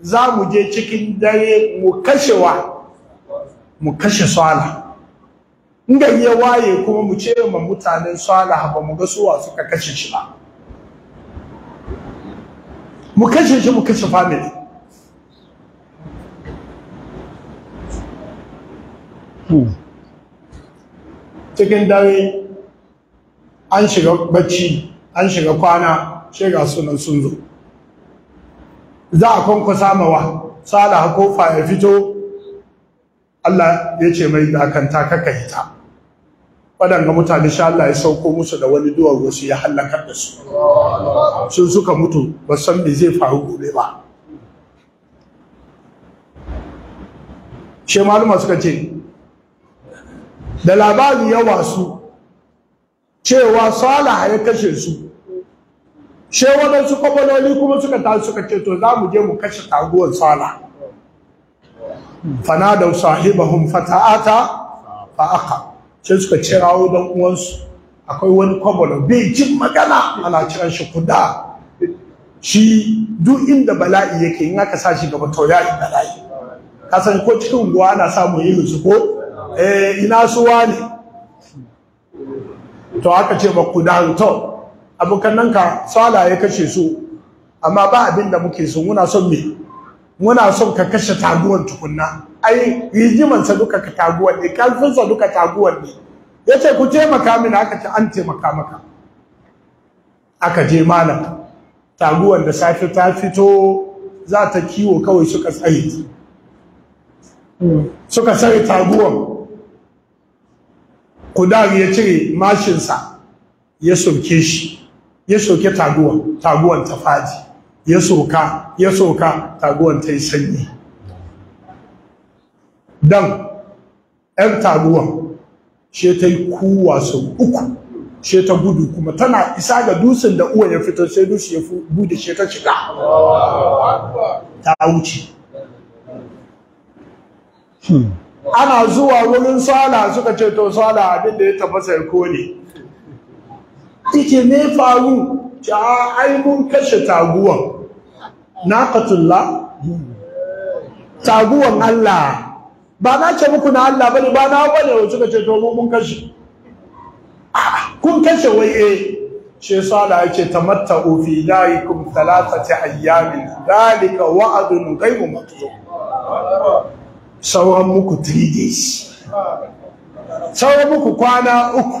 za mu je cikin dare mu mu kashe sala in gari waye kuma mu ce ma mutanen Salah ba mu ga suwa suka kashe shi ba mu kashe shi mu kashe family cikin dare an shiga bacci an shiga kwana shiga sunan sun zo za a kwankwasa mawa Salah kofa ya fito Allah ya ce mai dakanta kaka hita waɗanda mutane sha Allah ya sauko musu da wani duwar wasu ya hallakar da su sun suka mutu ba san me zai faru gobe ba she maluma suka ce da labari ya wasu cewa salaha ya kashe su she waɗansu kwakwaloli kuma suka ta suka ce to za mu je mu kashe taguwar salaha fanadau sahibahum fata'ata fa'aqa sai suka cirawo dan uwansu akwai wani kwabalo bai jin magana ana kiran shi kuda shi duk inda bala'i yake in aka sa shi gaba to ya yi bala'i kasan ko cikin unguwa ana samun yin su ko eh ina su wani? to aka ce ba kuda to abokan nan ka sala ya kashe su amma ba abin da muke so muna son me muna son ka kashe taguwan tukunna ai sa duka ka taguwar ne sa duka taguwar ne ya ce ku taimaka makamin aka ce an taimaka maka aka je malam taguwar da safe ta fito za ta kiwo kawai suka tsare suka tsare taguwar kudari ya cire mashinsa ya soke shi ya soke taguwar taguwar ta faji ya soka ya soka taguwar ta yi sanyi dan ‘yan taruwan she ta yi kuwa sau uku she ta gudu kuma tana isa ga dusin da uwa ya fito sai dusu ya gudu she ta shiga ta wuce hmm. ana zuwa wurin sala suka ce to sala abin da ya tafasa ya kone ike ne faru ta kashe taguwan naqatullah hmm. taguwan Allah ba na ce muku na Allah bane ba na wani wa suka ce to mun kashe kun kashe wai eh shi yasa da yake tamatta'u fi laikum thalathati ayyamin dalika wa'adun ghayru maktub sauran muku 3 days sauran muku kwana uku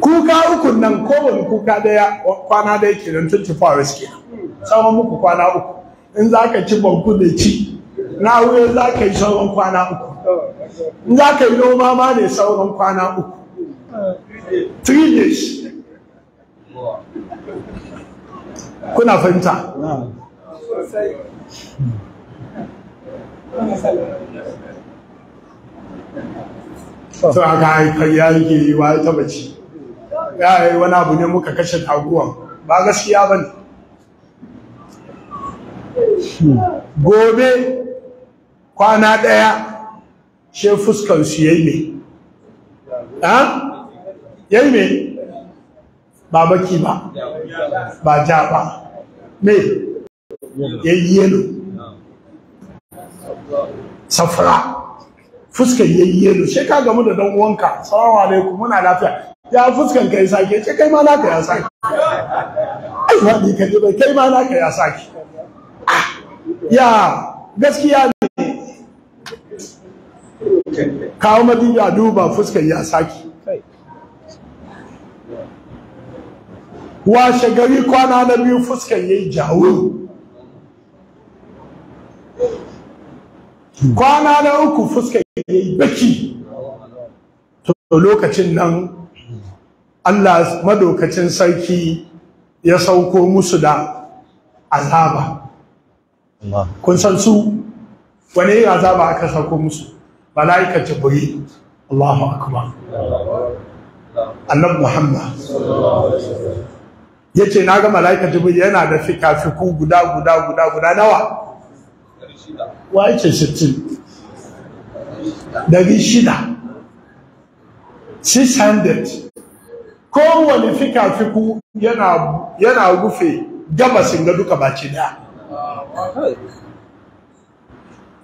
kuka uku nan kowane kuka daya kwana daya nan 24 hours kenan sauran muku kwana uku in za ka ci banku da ci na wuri za ka yi sauran kwana uku in za ka yi noma ma ne sauran kwana uku three days kuna fahimta to a ga haifar ya rike yi wa ta bace ya yi wani abu ne muka kashe taguwan ba gaskiya ba ne gobe kwana ɗaya shi fuskan su yayi ne ha yayi ne ba baki ba ba ja ba me yayi yelo safra fuskan yayi yelo she ka gamu da dan uwanka assalamu alaikum muna lafiya ya fuskan kai sake ce kai ma naka ya sake ai ba ni bai kai ma naka ya sake ah, ya gaskiya kawo madina a duba fuskar ya saki washe gari kwana na biyu fuskar ya yi jawo kwana na uku fuskar ya yi baki to lokacin nan allah madaukacin sarki ya sauko musu da azaba kun san su wani azaba aka sauko musu mala'ikar jibril Allahu akbar annabi Muhammad yace na ga mala'ikar jibril yana da fikafiku guda guda guda guda nawa wa yace 60 dari shida 600 fika fikafiku yana rufe gabasin ga duka baci daya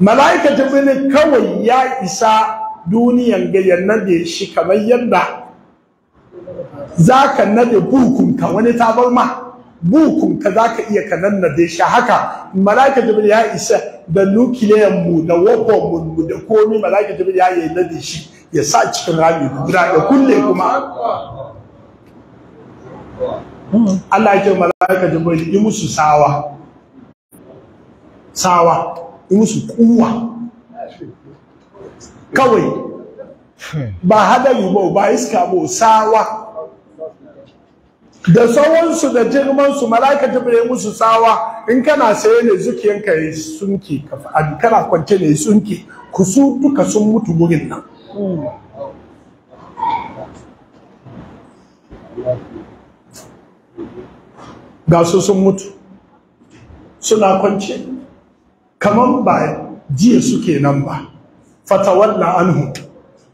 mala'ika jibrilin kawai ya isa duniyan ga da shi kamar yadda zaka ka nade bukunka wani tabarma bukunka za ka iya ka nannade shi haka mala'ika jibril ya isa da nukiliyan mu da wakon mu da komi mala'ika jibril ya yi nade shi ya sa cikin rami guda da kulle kuma Allah ya mala'ika jibril yi musu sawa sawa yi musu kuwa kawai ba hadari ba ba iska ba sawa da tsawonsu da girmansu mala'ika jibril musu sawa in kana saye ne zukiyanka ya sunki kana kwance ne sunki ku su duka sun mutu gurin nan ga su sun mutu suna kwance kaman ba jiya suke nan ba fatawalla anhu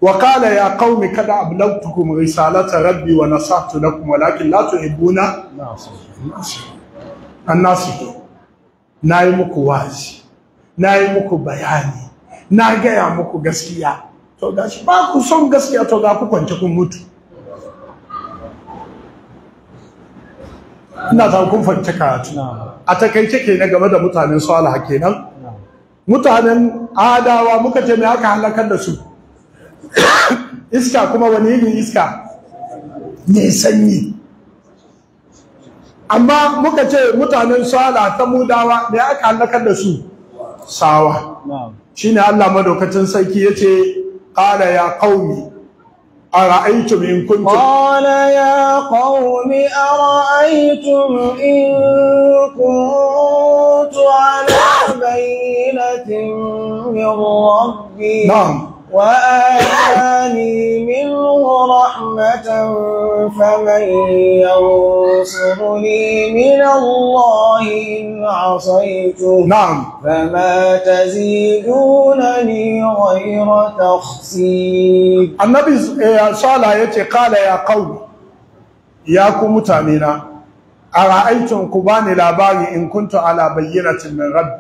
wa kala ya qaumi kad ablagtukum risalata rabbi wa nasahtu lakum walakin la tuhibbuna annasihu nayi muku wazi nayi muku bayani na gaya muku gaskiya to gashi ba ku son gaskiya to ga ku kwance kun mutu ina ta kun fanta karatu a takaice ke na game da mutanen salih kenan mutanen adawa muka ce me aka halakar da su iska kuma wani yin iska ne sanyi amma muka ce mutanen sala ta mudawa me aka halakar da su sawa Shi ne Allah madaukacin sarki yace qala ya qaumi أرأيتم إن كنتم قال ya قوم a إن كنت على بينة من ربي نعم وآتاني منه رحمة فمن ينصرني من الله إن عصيته نعم فما تزيدونني غير تخسير النبي صلى الله عليه وسلم قال يا قوم يا كم تامينا أرأيتم كباني لاباري إن كنت على بينة من ربي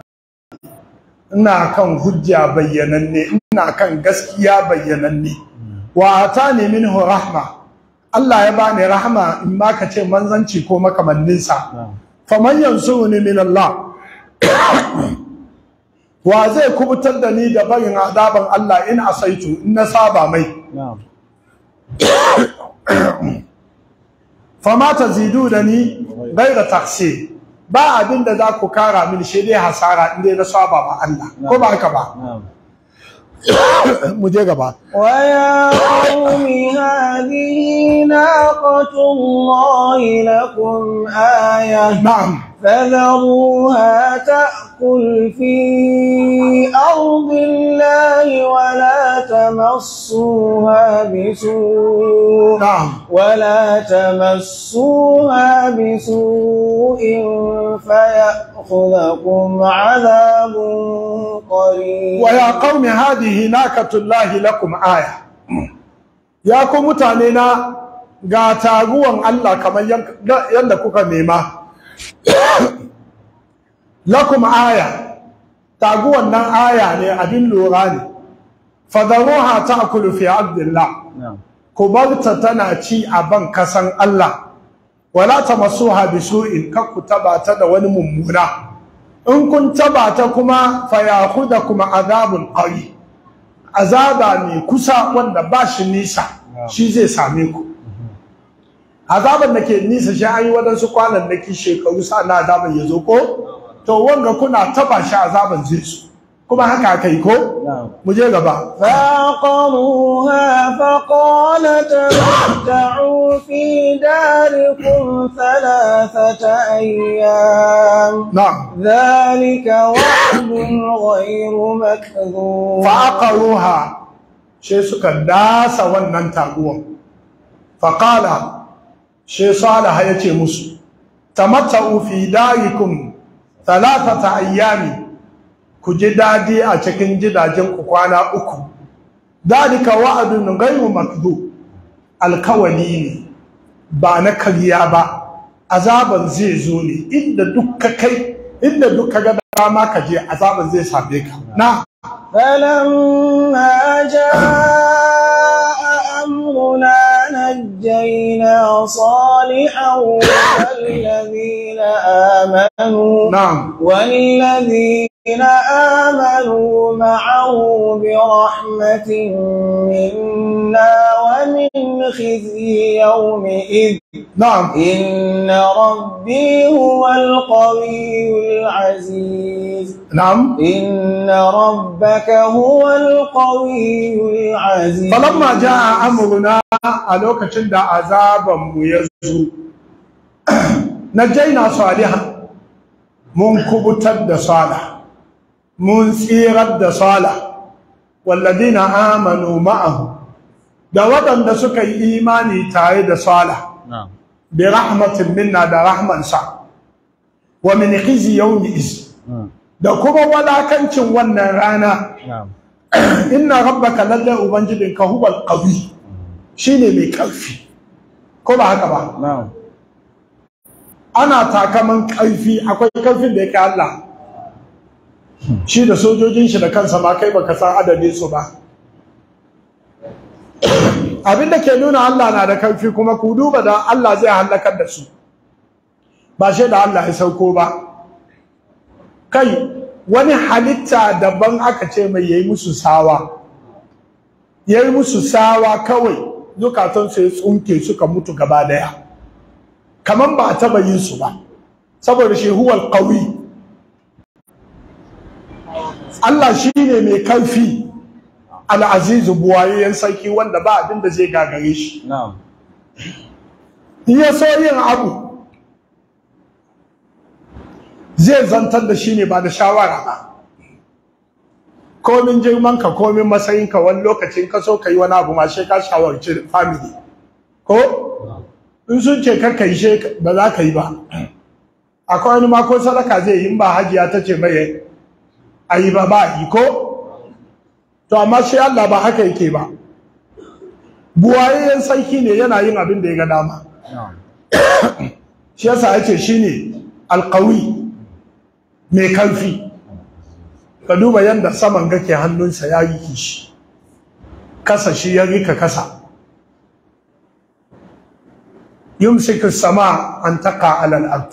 ina kan hujja bayyananne ina kan gaskiya bayyananne wa atani minhu rahma Allah ya bani rahma in ma ka ce manzanci ko makamannin sa faman yansuni min Allah wa zai kubutar da ni da bayin adaban Allah in asaitu in na saba mai Fa mata zidu da ni gaira taksi. ba abin da za ku kara mini shi dai hasara in dai na saba ba Allah ko ba haka ba mu je gaba ya qaumi hadhihi naqatu llahi lakum aya na'am فذروها تأكل في أرض الله ولا تمصوها بسوء ولا تمصوها بسوء فيأخذكم عذاب قريب ويا قوم هذه ناكة الله لكم آية يا قوم تانينا ga taguwan Allah kamar yadda kuka nema lakum aya tagu wannan aya ne abin lura ne fadaruha ta fi abdullah ku barta tana ci a ban kasan Allah wala tamassuha bi su'in kakku taba ta da wani mummuna in kun taba ta kuma da kuma azabun qawi azaba mai kusa wanda ba shi nisa shi zai same ku azaban da ke nisa shi an yi waɗansu kwanan naki shekaru na azaban ya zo ko to wanga kuna taba shi azaban zai su kuma haka aka yi ko mu je gaba faqamuha faqalat fi darikum thalathata ayyam na'am dhalika wa'dun ghayru makdhub faqaruha suka dasa wannan taguwa faqala shi salaha ya ce musu tamatta'u fi talata ta ayyami ku ji dadi a cikin gidajen ku kwana uku dalika wa'adun ghayru makdhu alkawali ne ba na kariya ba azaban zai zo ne inda duk ka kai inda ga dama ka je azaban zai same ka na falamma jaa أمرنا نجينا صالحا والذين آمنوا نعم والذين الذين آمنوا معه برحمة منا ومن خزي يومئذ نعم إن ربي هو القوي العزيز نعم إن ربك هو القوي العزيز فلما جاء أمرنا ألوك تشند عذابا ويزو نجينا صالحا من كبتد صالح mun tsirar da sala walladina amanu ma'ahu da waɗanda suka yi imani tare da sala bi rahmatin minna da rahmansa wa min khizi yawmi iz da kuma walakancin wannan rana inna rabbaka lalle ubangijinka huwal qawi shine mai karfi ko ba haka ba ana takaman karfi akwai karfin da yake Allah shi da sojojin shi da kansa ma kai baka san adadin su ba abin da ke nuna Allah na da karfi kuma ku duba da Allah zai halakar da su ba shi da Allah ya sauko ba kai wani halitta daban aka ce mai yayi musu sawa yayi musu sawa kawai zukatan su ya tsunke suka mutu gaba daya kaman ba a taba yin su ba saboda shi huwal qawi Allah shi ne mai kaifi al'azizu buwayayyen sarki wanda ba abin da zai gagare shi in ya so yin abu zai zantar da shi ne ba da shawara ba komin girmanka komin matsayinka wani lokacin kaso so ka yi wani abu ma sai ka shawarci family ko in sun ce ka yi ba za ka yi ba akwai wani mako sadaka zai yi ba hajiya ta ce mai Ayi yi ba ba yi ko to amma shi Allah ba haka yake ba buwayayyen sarki ne yana yin abin da ya ga dama shi yasa shi shine alqawi mai karfi ka duba yadda saman gake hannunsa ya yi shi kasa shi ya rika kasa yumsiku sama an taqa ala al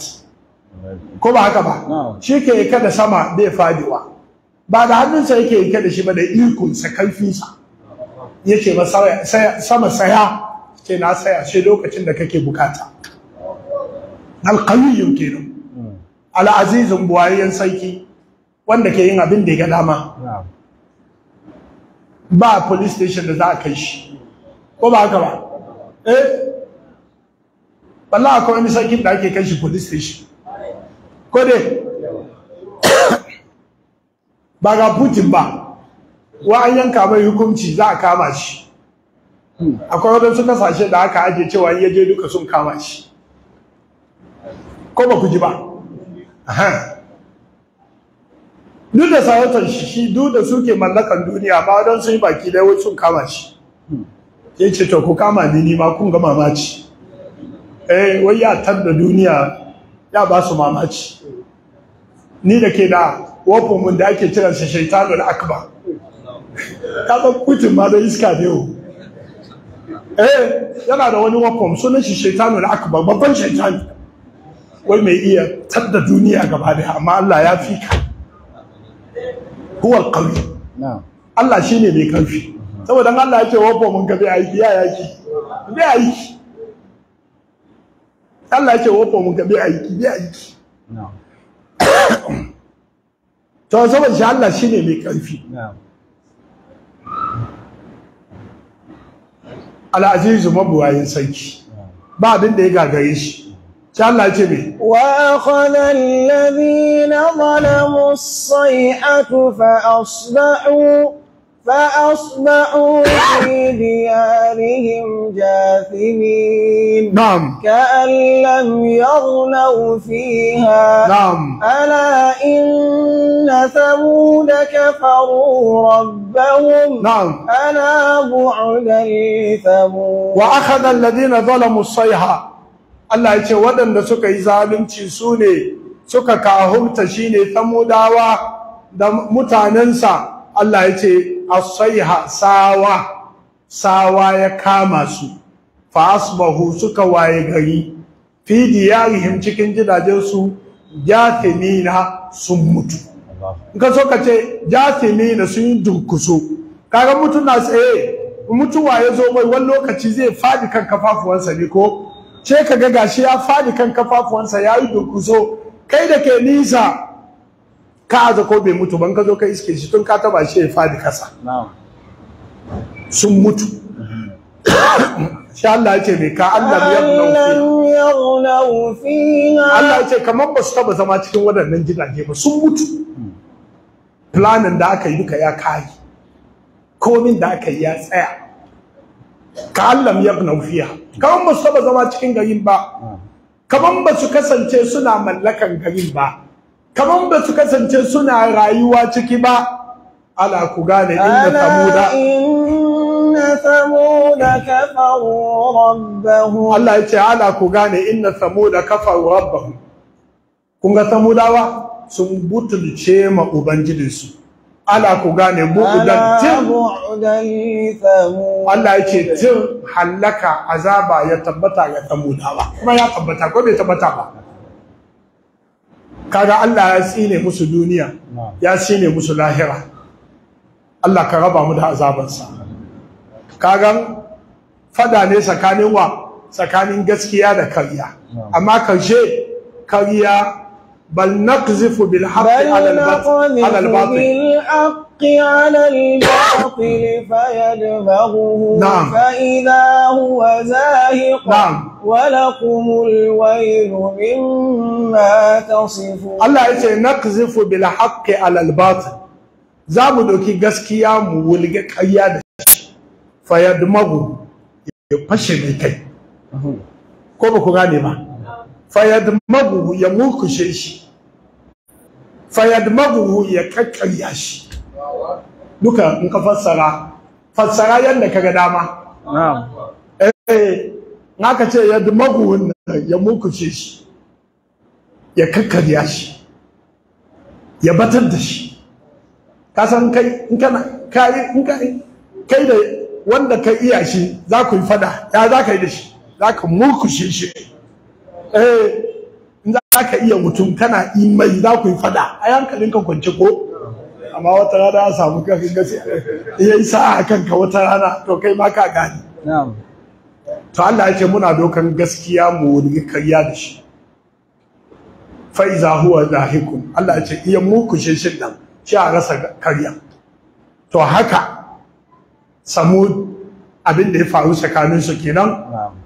ko ba haka ba shi ke kada sama bai fadiwa ba da hannunsa yake yake da shi ba da ikonsa karfinsa ya ce ba sama saya ce na saya sai lokacin da kake bukata alkawiyyun kenan hmm. al'azizin buwayen sarki wanda ke yin abin da ya ga dama ba police station da za a kai shi ko ba haka ba eh wallahi akwai wani sarkin da ake kai shi police station ko dai ba ga putin ba wa an yanka mai hukunci za a kama shi akwai wadansu kasashe da aka ake cewa ya je duka sun kama shi ko ba ku ji ba duk da sarautar shi shi duk da suke mallakan duniya ba don sun yi baki dai wasu kama shi ya ce to ku kama ni ni ma kun ga mamaci eh wai ya tar da duniya ya ba su mamaci ni da ke da wofin mun da ake kiran sa shaitanul akbar ka san kutin ma da iska ne o eh yana da wani wofin sunan shi shaitanul akbar babban shaitani wai mai iya tadda duniya gaba da amma Allah ya fi ka huwal qawi Allah shine mai karfi saboda Allah ya ce wofin mun gabe aiki ya yaki bi aiki Allah ya ce wofin mun gabe aiki bi aiki to saboda shi Allah shine mai karfi al'azizu mabuwayin sarki ba abin da ya gagare shi sai Allah ce me wa khala alladhina zalamu as-sayhatu fa asbahu فأصبحوا في ديارهم جاثمين نعم كأن لم يغنوا فيها نعم ألا إن ثمود كفروا ربهم نعم ألا بعدا لثمود وأخذ الذين ظلموا الصيحة Allah ya ce waɗanda suka yi zalunci su ne suka kahumta shine samudawa da mutanensa Allah ya ce asaiha sawa sawa ya kama su fa asbahu suka waye gari fi diyarihim cikin gidajen su jathimina sun mutu in ka so ka ce jathimina sun durkuso kaga mutu na tsaye mutuwa ya zo mai wani lokaci zai fadi kan kafafuwansa ne ko ce ka ga gashi ya fadi kan kafafuwansa ya yi durkuso kai da ke nisa ka aza ko bai mutu ban ka zo ka iske shi tun ka taba shi ya fadi kasa sun mutu sha Allah ce bai ka Allah ya Allah ce kamar ba su taba zama cikin waɗannan gidaje ba sun mutu planin da aka yi duka ya kayi komin da aka yi ya tsaya ka Allah ya naufiya. kamar ba su taba zama cikin garin ba kamar ba su kasance suna mallakan garin ba kaman ba su kasance suna rayuwa ciki ba ala ku gane inna samuda Allah ya ce Allah yace ala ku gane inna samuda kafaru rabbahum kun ga samudawa sun butulce ma ubangijinsu ala ku gane bu'udan tin Allah yace tin hallaka azaba ya tabbata ga samudawa kuma ya tabbata ko bai tabbata ba kaga Allah ya tsine musu duniya ya tsine musu lahira Allah ka raba mu da azabansa kagan fada ne tsakanin wa tsakanin gaskiya da kariya amma karshe kariya bal naqzifu bil haqqi ala al batil على الباطل فيدمغه نعم. فإذا هو زاهق نعم. ولكم الويل مما تصفون الله يسي نقذف بالحق على الباطل زامو دوكي غسكيا مو ولغا قيا فيدمغه يفشي ميكاي ko ba ku gane ba fayadmagu ya murkushe shi fayadmagu ya kakkarya shi duka in ka fassara fassara yadda ka ga dama eh naka ce ya dumagu wannan ya mukuce shi ya kakkarya shi ya batar da shi ka san kai in kana kai in kai da wanda ka iya shi za ku yi fada ya za ka yi da shi za ka murkushe shi eh in za ka iya mutum kana imai za ku yi fada a yankalin ka kwance ko amma wata rana a samu kafin gasi ya yi sa'a kanka wata rana to kai ma ka gani to Allah ya ce muna dokan gaskiya mu wani karya da shi fa'iza huwa dahikum Allah ya ce iya muku shinshin nan shi a rasa karya to haka samu abin da ya faru tsakanin su kenan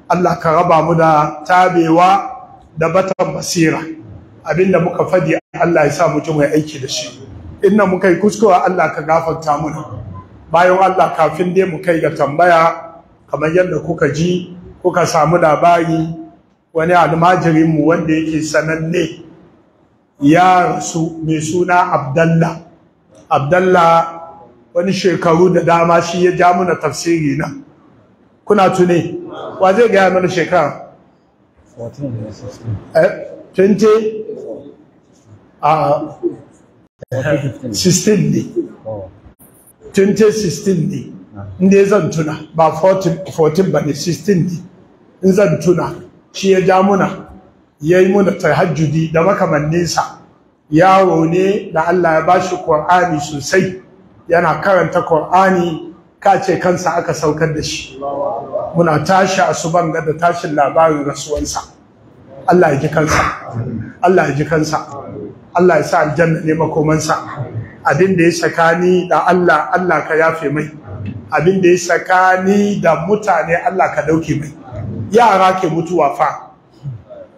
Allah ka raba mu da tabewa da batan basira abin da muka fadi Allah ya sa mutum ya aiki da shi inna muka yi kuskure Allah ka gafarta muna bayan Allah kafin dai mu kai ga tambaya kamar yadda kuka ji kuka samu labari wani almajirin mu wanda yake sananne ya rasu mai suna Abdullah. Abdullah wani shekaru da dama shi ya ja muna tafsiri na kuna tune wa zai gaya mana shekara 20 eh, a ah, 16 ne sixteen ne inda zan tuna ba 14 ba ne 16 ne in zan tuna shi ya ja muna ya yi muna tahajjudi da makamanninsa yaro ne da Allah ya bashi Qur'ani sosai yana karanta Qur'ani ka ce kansa aka saukar da shi muna tashi asuban ga da tashin labarin rasuwansa Allah ya ji kansa Allah ya ji kansa Allah ya sa aljanna ne makomansa abin da ya sakani da Allah Allah ka yafe mai abin da ya sakani da mutane Allah ka dauke mai yara ke mutuwa fa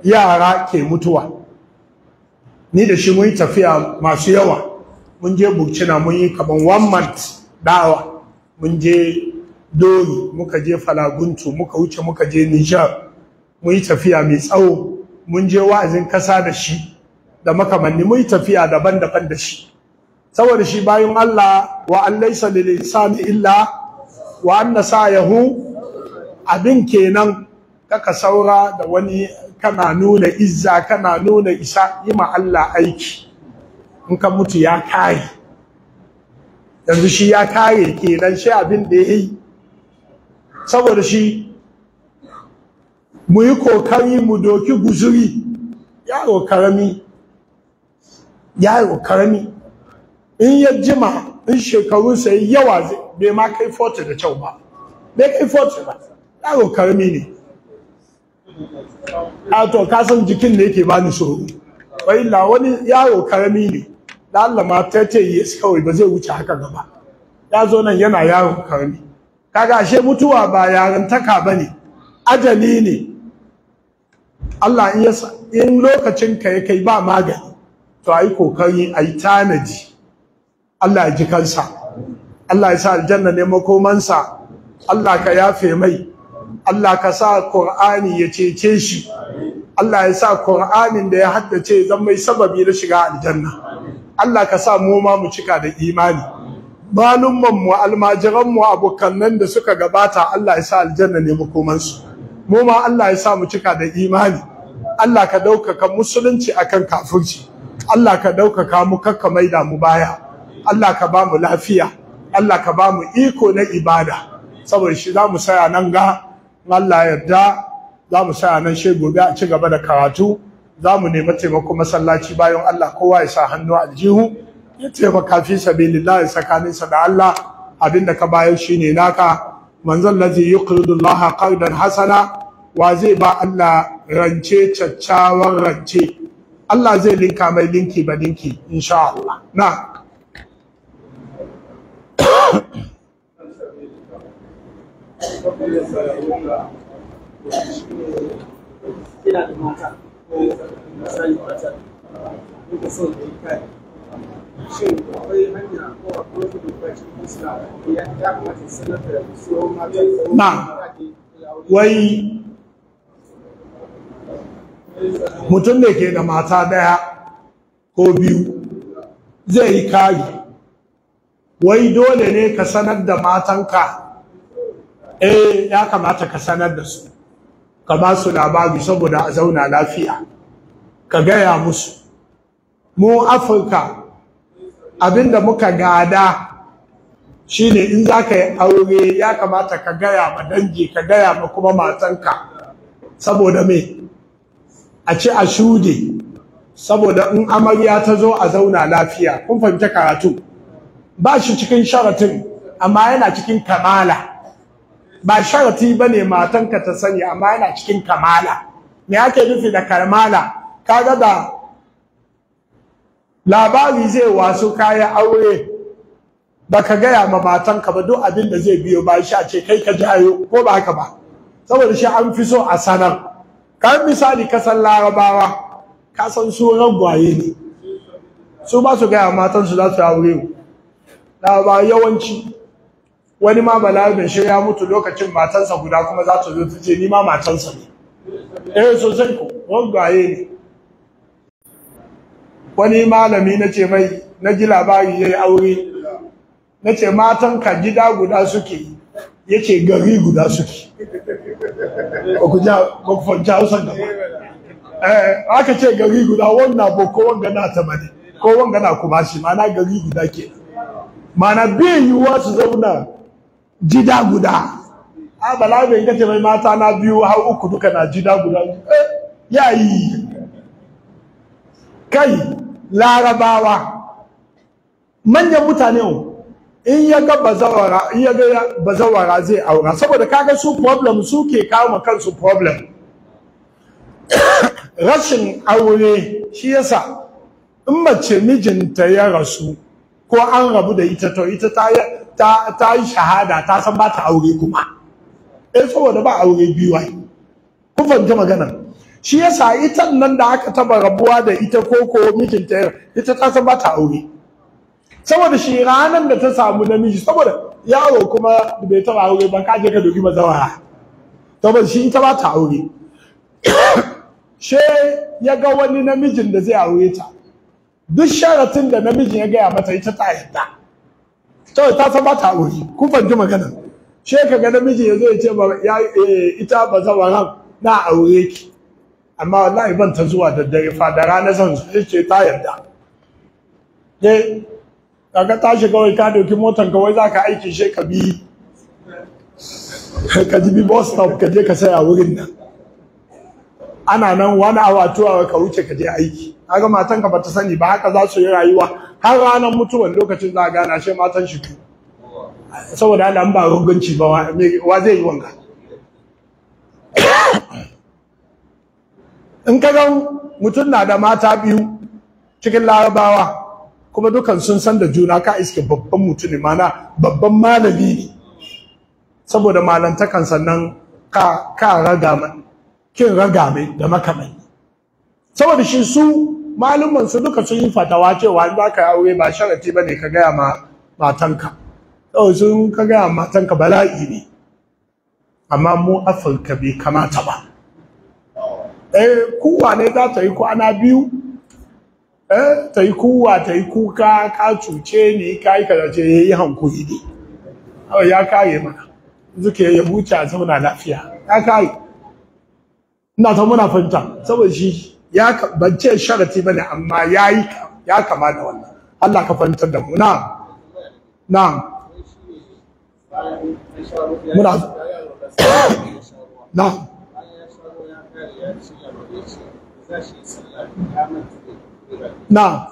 yara ke mutuwa ni da shi mun yi tafiya masu yawa mun je burkina mun yi kaman one month dawa mun je doyi muka je falaguntu muka wuce muka je nijar mun yi tafiya mai tsawo mun je wa'azin kasa da shi da makamanni mun tafiya daban-daban da shi saboda shi bayan Allah wa an laysa lil insani illa wa anna sa'yahu abin kenan kaka saura da wani kana nuna izza kana nuna isa yi ma Allah aiki in ka mutu ya kare yanzu shi ya kare kenan shi abin da yayi saboda shi mu yi kokari mu doki guzuri yaro karami yaro karami in ya jima in shekaru sai yawa bai ma kai 40 da kyau ba bai kai 40 ba yaro karami ne a to kasan jikin ne yake bani tsoro bai la wani yaro karami ne da Allah ma ta ce su kawai ba zai wuce haka gaba ya zo nan yana yaro karami kaga ashe mutuwa ba yarantaka bane ajali ne Allah in lokacin ka kai ba magani to ai kokari ai tanaji Allah ya ji kansa Allah ya sa aljanna ne makomansa Allah ka yafe mai Allah ka sa Qur'ani ya cece shi Allah ya sa Qur'anin da ya haddace zan mai sababi na shiga aljanna Allah ka sa mu ma mu cika da imani man mu almajiran mu abokan nan da suka gabata Allah ya sa aljanna ne makomansu mu ma Allah ya sa mu cika da imani Allah ka ɗaukaka musulunci akan kafirci Allah ka ɗaukaka mu kakka maida mu baya Allah ka ba mu lafiya Allah ka ba mu iko na ibada saboda shi za mu saya nan ga Allah yarda za mu saya nan shi gobe a ci gaba da karatu za mu nemi taimako masallaci bayan Allah kowa ya sa hannu a aljihu ya taimaka fi sabilillah tsakaninsa da Allah abinda ka bayar shine naka manzon lazi yuqridu Allah qardan hasana wa zai ba Allah rance caccawar rance Allah zai linka mai linki ba linki insha Allah na na wai mutum da ke da mata daya ko biyu zai yi kari wai dole ne ka sanar da matanka eh ya kamata ka sanar da su ka ba su labari saboda a zauna lafiya ka gaya musu mu afirka abinda muka gada Shi ne in za ka yi aure ya kamata ka gaya ma dangi ka gaya ma kuma matanka saboda me a ci a shude saboda in amarya ta zo a zauna lafiya kun fahimta karatu ba shi cikin sharatin amma yana cikin kamala ba sharati ne matanka ta sani amma yana cikin kamala me ake nufi da kamala kaga da labari zai wasu kayan aure ba baka gaya ma matanka ba duk abin da zai biyo ba shi a ce kai ka jayo ko ba haka ba saboda shi an fi so a sanar kan misali kasan larabawa kasan su ragwaye ne su ba su gaya matansu za su aure mu larabawa yawanci wani ma balabin shi ya mutu lokacin matansa guda kuma za su zo ta ce ni matansa ne eh sosai ko ragwaye ne wani malami na ce mai na ji labari ya yi aure na ce matan ka gida guda suke yi ya ce gari guda suke Ko ku fanci da gaba eh, aka ce gari guda wannan bo ko wanga na tamani ko wanga na kuma shi mana gari guda ke mana bin yiwuwa su zauna jida guda a balabe in kace mai mata na biyu har uku duka na jida guda eh, ya yi kai larabawa manyan mutane in ya ga bazawara in ya ga bazawara zai aura saboda kaga su problem suke ke kawo kansu problem rashin aure shi yasa in mace mijinta ya rasu ko an rabu da ita to ita ta ta yi shahada ta san ba ta aure kuma eh saboda ba aure biyu ai ku fahimta magana shi yasa ita nan da aka taba rabuwa da ita ko ko mijinta ita ta san ba ta aure saboda shi ranar da ta samu namiji saboda yaro kuma da bai taba aure ban ka je ka dogi mazawara saboda shi ita ba ta aure she ya ga wani namijin da zai aure ta duk sharatin da namijin ya gaya mata ita ta yadda to ta san ba ta aure ku fanti magana she ka ga namiji ya zo ya ce ba, ya eh, ita ran, na aure ki amma wallahi ban ta zuwa da dare fa da ranar zan ce ta yadda kaga tashi kawai ka dauki motar kawai za ka aiki shi ka bi ka ji bi bus stop ka je ka saya wurin nan ana nan wani awa two hour ka wuce ka je aiki kaga matan ka bata sani ba haka za su yi rayuwa har ranar mutuwan lokacin za a gana she matan shi tu saboda Allah ba rugunci ba wa zai yi wanga in ka ga mutum na da mata biyu cikin larabawa kuma dukan sun san da juna ka iske babban mutune mana babban malami ne saboda malantakan sannan ka ka raga mai kin raga mai da makamai saboda shi su malumman su duka sun yi fatawa cewa in baka aure ba sharati bane ka gaya ma matanka kawai sun ka gaya matanka bala'i ne amma mu afirka bai kamata ba eh kuwa ne za ta yi kwana biyu Eh, ta yi kuwa ta yi kuka ka cuce ni ka yi kazace ya eh, yi hankuri ne ya kaye mana zuke ya buce a zauna lafiya ya kaye ina ta muna fanta saboda shi ya ban ce sharati bane amma ya yi ya kama da wannan Allah ka fanta da mu na na muna na na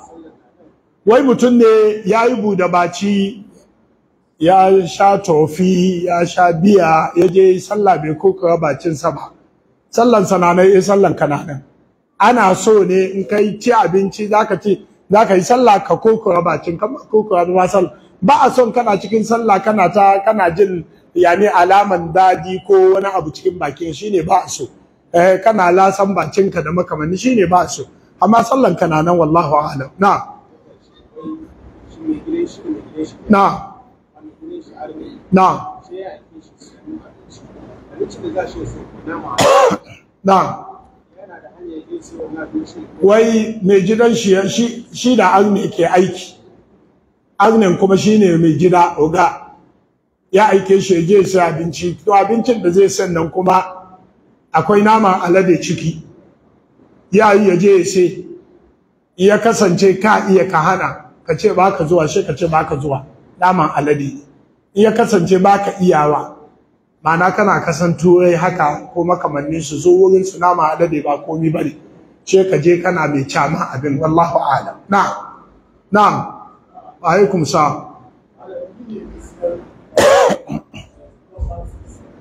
wai mutum ne ya yi buda baci ya sha tofi ya sha biya ya je sallah bai kuka bacin sama sallan sananai ya eh, sallan kananan ana so ne in kai ci abinci za ka ci za ka yi sallah ka kokowa bacin kama kokowa ba sallah ba a son kana cikin sallah kana ta kana jin yani alaman daɗi ko wani abu cikin bakin shine ba a so eh, kana lasan bacinka da makamanni shine ba a so amma sallan ka nan wallahu a'lam na na na na wai mai gidan shi shi da azumi ke aiki azumin kuma shine mai gida oga ya aike shi ya je sai abinci to abincin da zai sannan kuma akwai naman alade ciki ya yi ya je ya ce ya kasance ka iya ka hana ka ce ba ka zuwa shi ka ce ba ka zuwa naman alade ya kasance ba ka iyawa mana kana kasan turai haka ko makamannin su zo wurin su nama alade ba komi ba ne ce ka je kana mai cama abin wallahu alam na, wa alaikum salam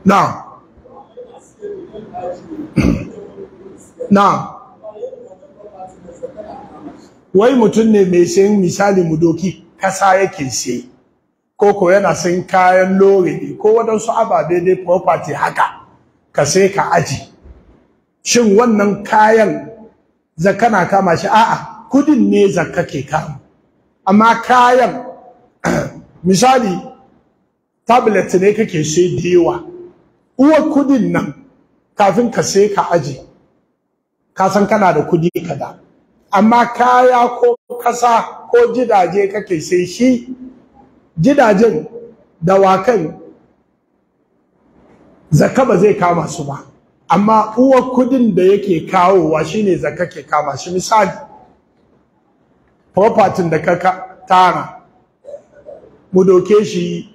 Na, na. wai mutum ne mai sayan misali mu doki kasa yake sayi ko ko yana san kayan lori ne ko waɗansu ababe dai property haka ka sai ka aji shin wannan kayan zakka na kama shi a'a kudin ne zakka ke kama amma kayan misali tablet ne kake sai da yawa uwar kudin nan kafin ka sai ka aji ka san kana da kudi kada amma kaya ko kasa ko gidaje kake sai shi gidajen dawakan zaka ba zai kama su ba amma uwar kudin da yake kawowa shine zaka ke kama shi misali property da ka tara mu doke shi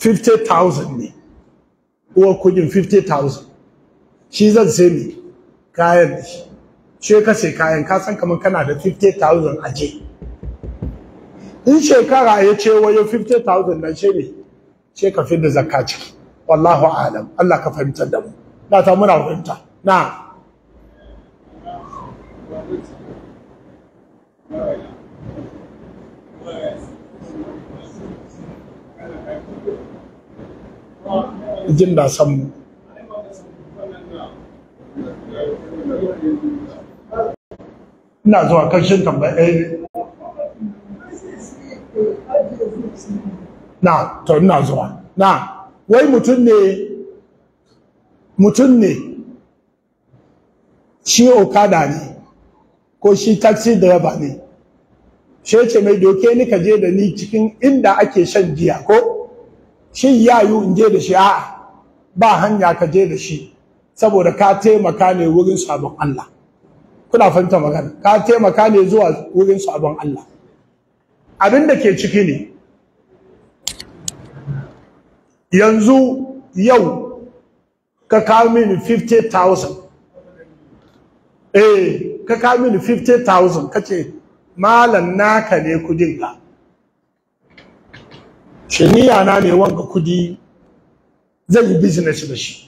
50,000 ne uwar kudin 50,000 shi zan sai kayan da shi sai ka sai kayan ka san kamar kana da 50,000 aje in shekara ya ce wayo 50,000 nan shi ne sai ka fi da zakka ciki wallahu alam Allah ka fahimtar da mu na ta muna fahimta na jin da san mu ina zuwa kashin tambaya eh. na to ina zuwa na wai mutum ne mutum ne shi okada ne ko shi taxi driver ne shi ce mai doke ni kaje je da ni cikin inda ake shan giya ko shi yayu in je da shi a'a ba hanya ka je da shi saboda ka taimaka ne wurin sabon Allah kuna fanta magana ka taimaka ne zuwa wurin sabon Allah abin da ke ciki ne yanzu yau ka kawo mini 50,000 eh ka kawo mini 50,000 kace malam naka ne kudin ka shiniya na ne wanka kudi zai yi business da shi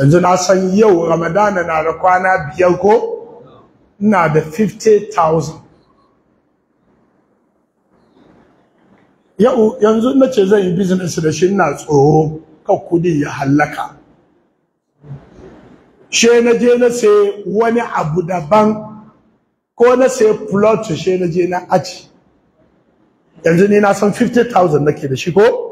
yanzu na san yau ramadana na da kwana biyar ko ina da 50,000 yau yanzu na ce zan yi business da shi na tsoro kakudi ya hallaka she na je na sai wani abu daban ko na sai plot she na je na aji yanzu ni na san 50,000 nake da shi ko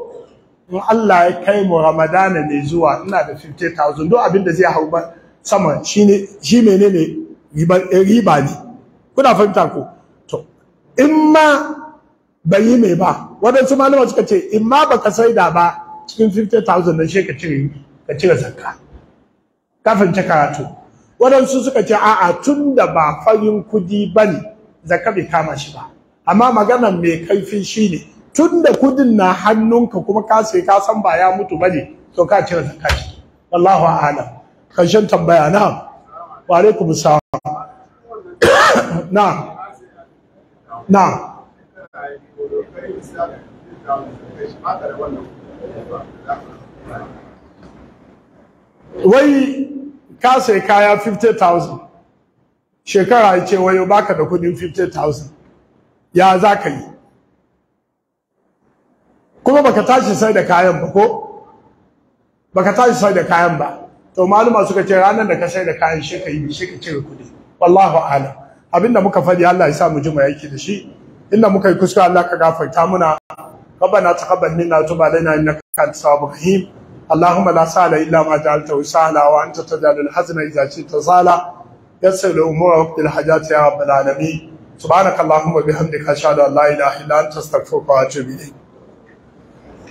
in Allah ya kai mu Ramadana ne zuwa ina da 50000 duk abin da zai hau ba sama shine shi menene riba eh, ne kuna fahimta ko to in ma bai yi mai ba wadansu malama suka ce in ma baka saida ba cikin 50000 na shi ka cire ka cire zakka ka ta karatu wadansu suka ce a'a tun da ba fayin kudi bane zakka bai kama shi ba amma maganar mai kaifin shine tun da kudin na hannunka kuma ka sai ka san ba ya mutu ba ne to ka cire ta kashi wallahu a'lam karshen tambaya na wa alaikum salam na na wai ka sai kaya 50,000 shekara ce wayo baka da kudin 50,000 ya za ka yi kuma baka tashi kayan ba ko tashi sai da kayan ba to maluma suka ce ranar da ka sai da kayan shi kai shi ka cire kudi wallahi a'lam abinda muka faɗi Allah ya sa mu jima yake da shi inda muka yi kuskure Allah ka gafarta muna rabbana taqabbal na tuba lana na antas sawabur rahim allahumma la sahla illa ma ta sahla wa anta tajalul hazna idza shi'ta sala yassir umura waqtil hajat ya rabbal alamin subhanakallahumma bihamdika ashhadu an la ilaha illa anta astaghfiruka wa atubu ilayk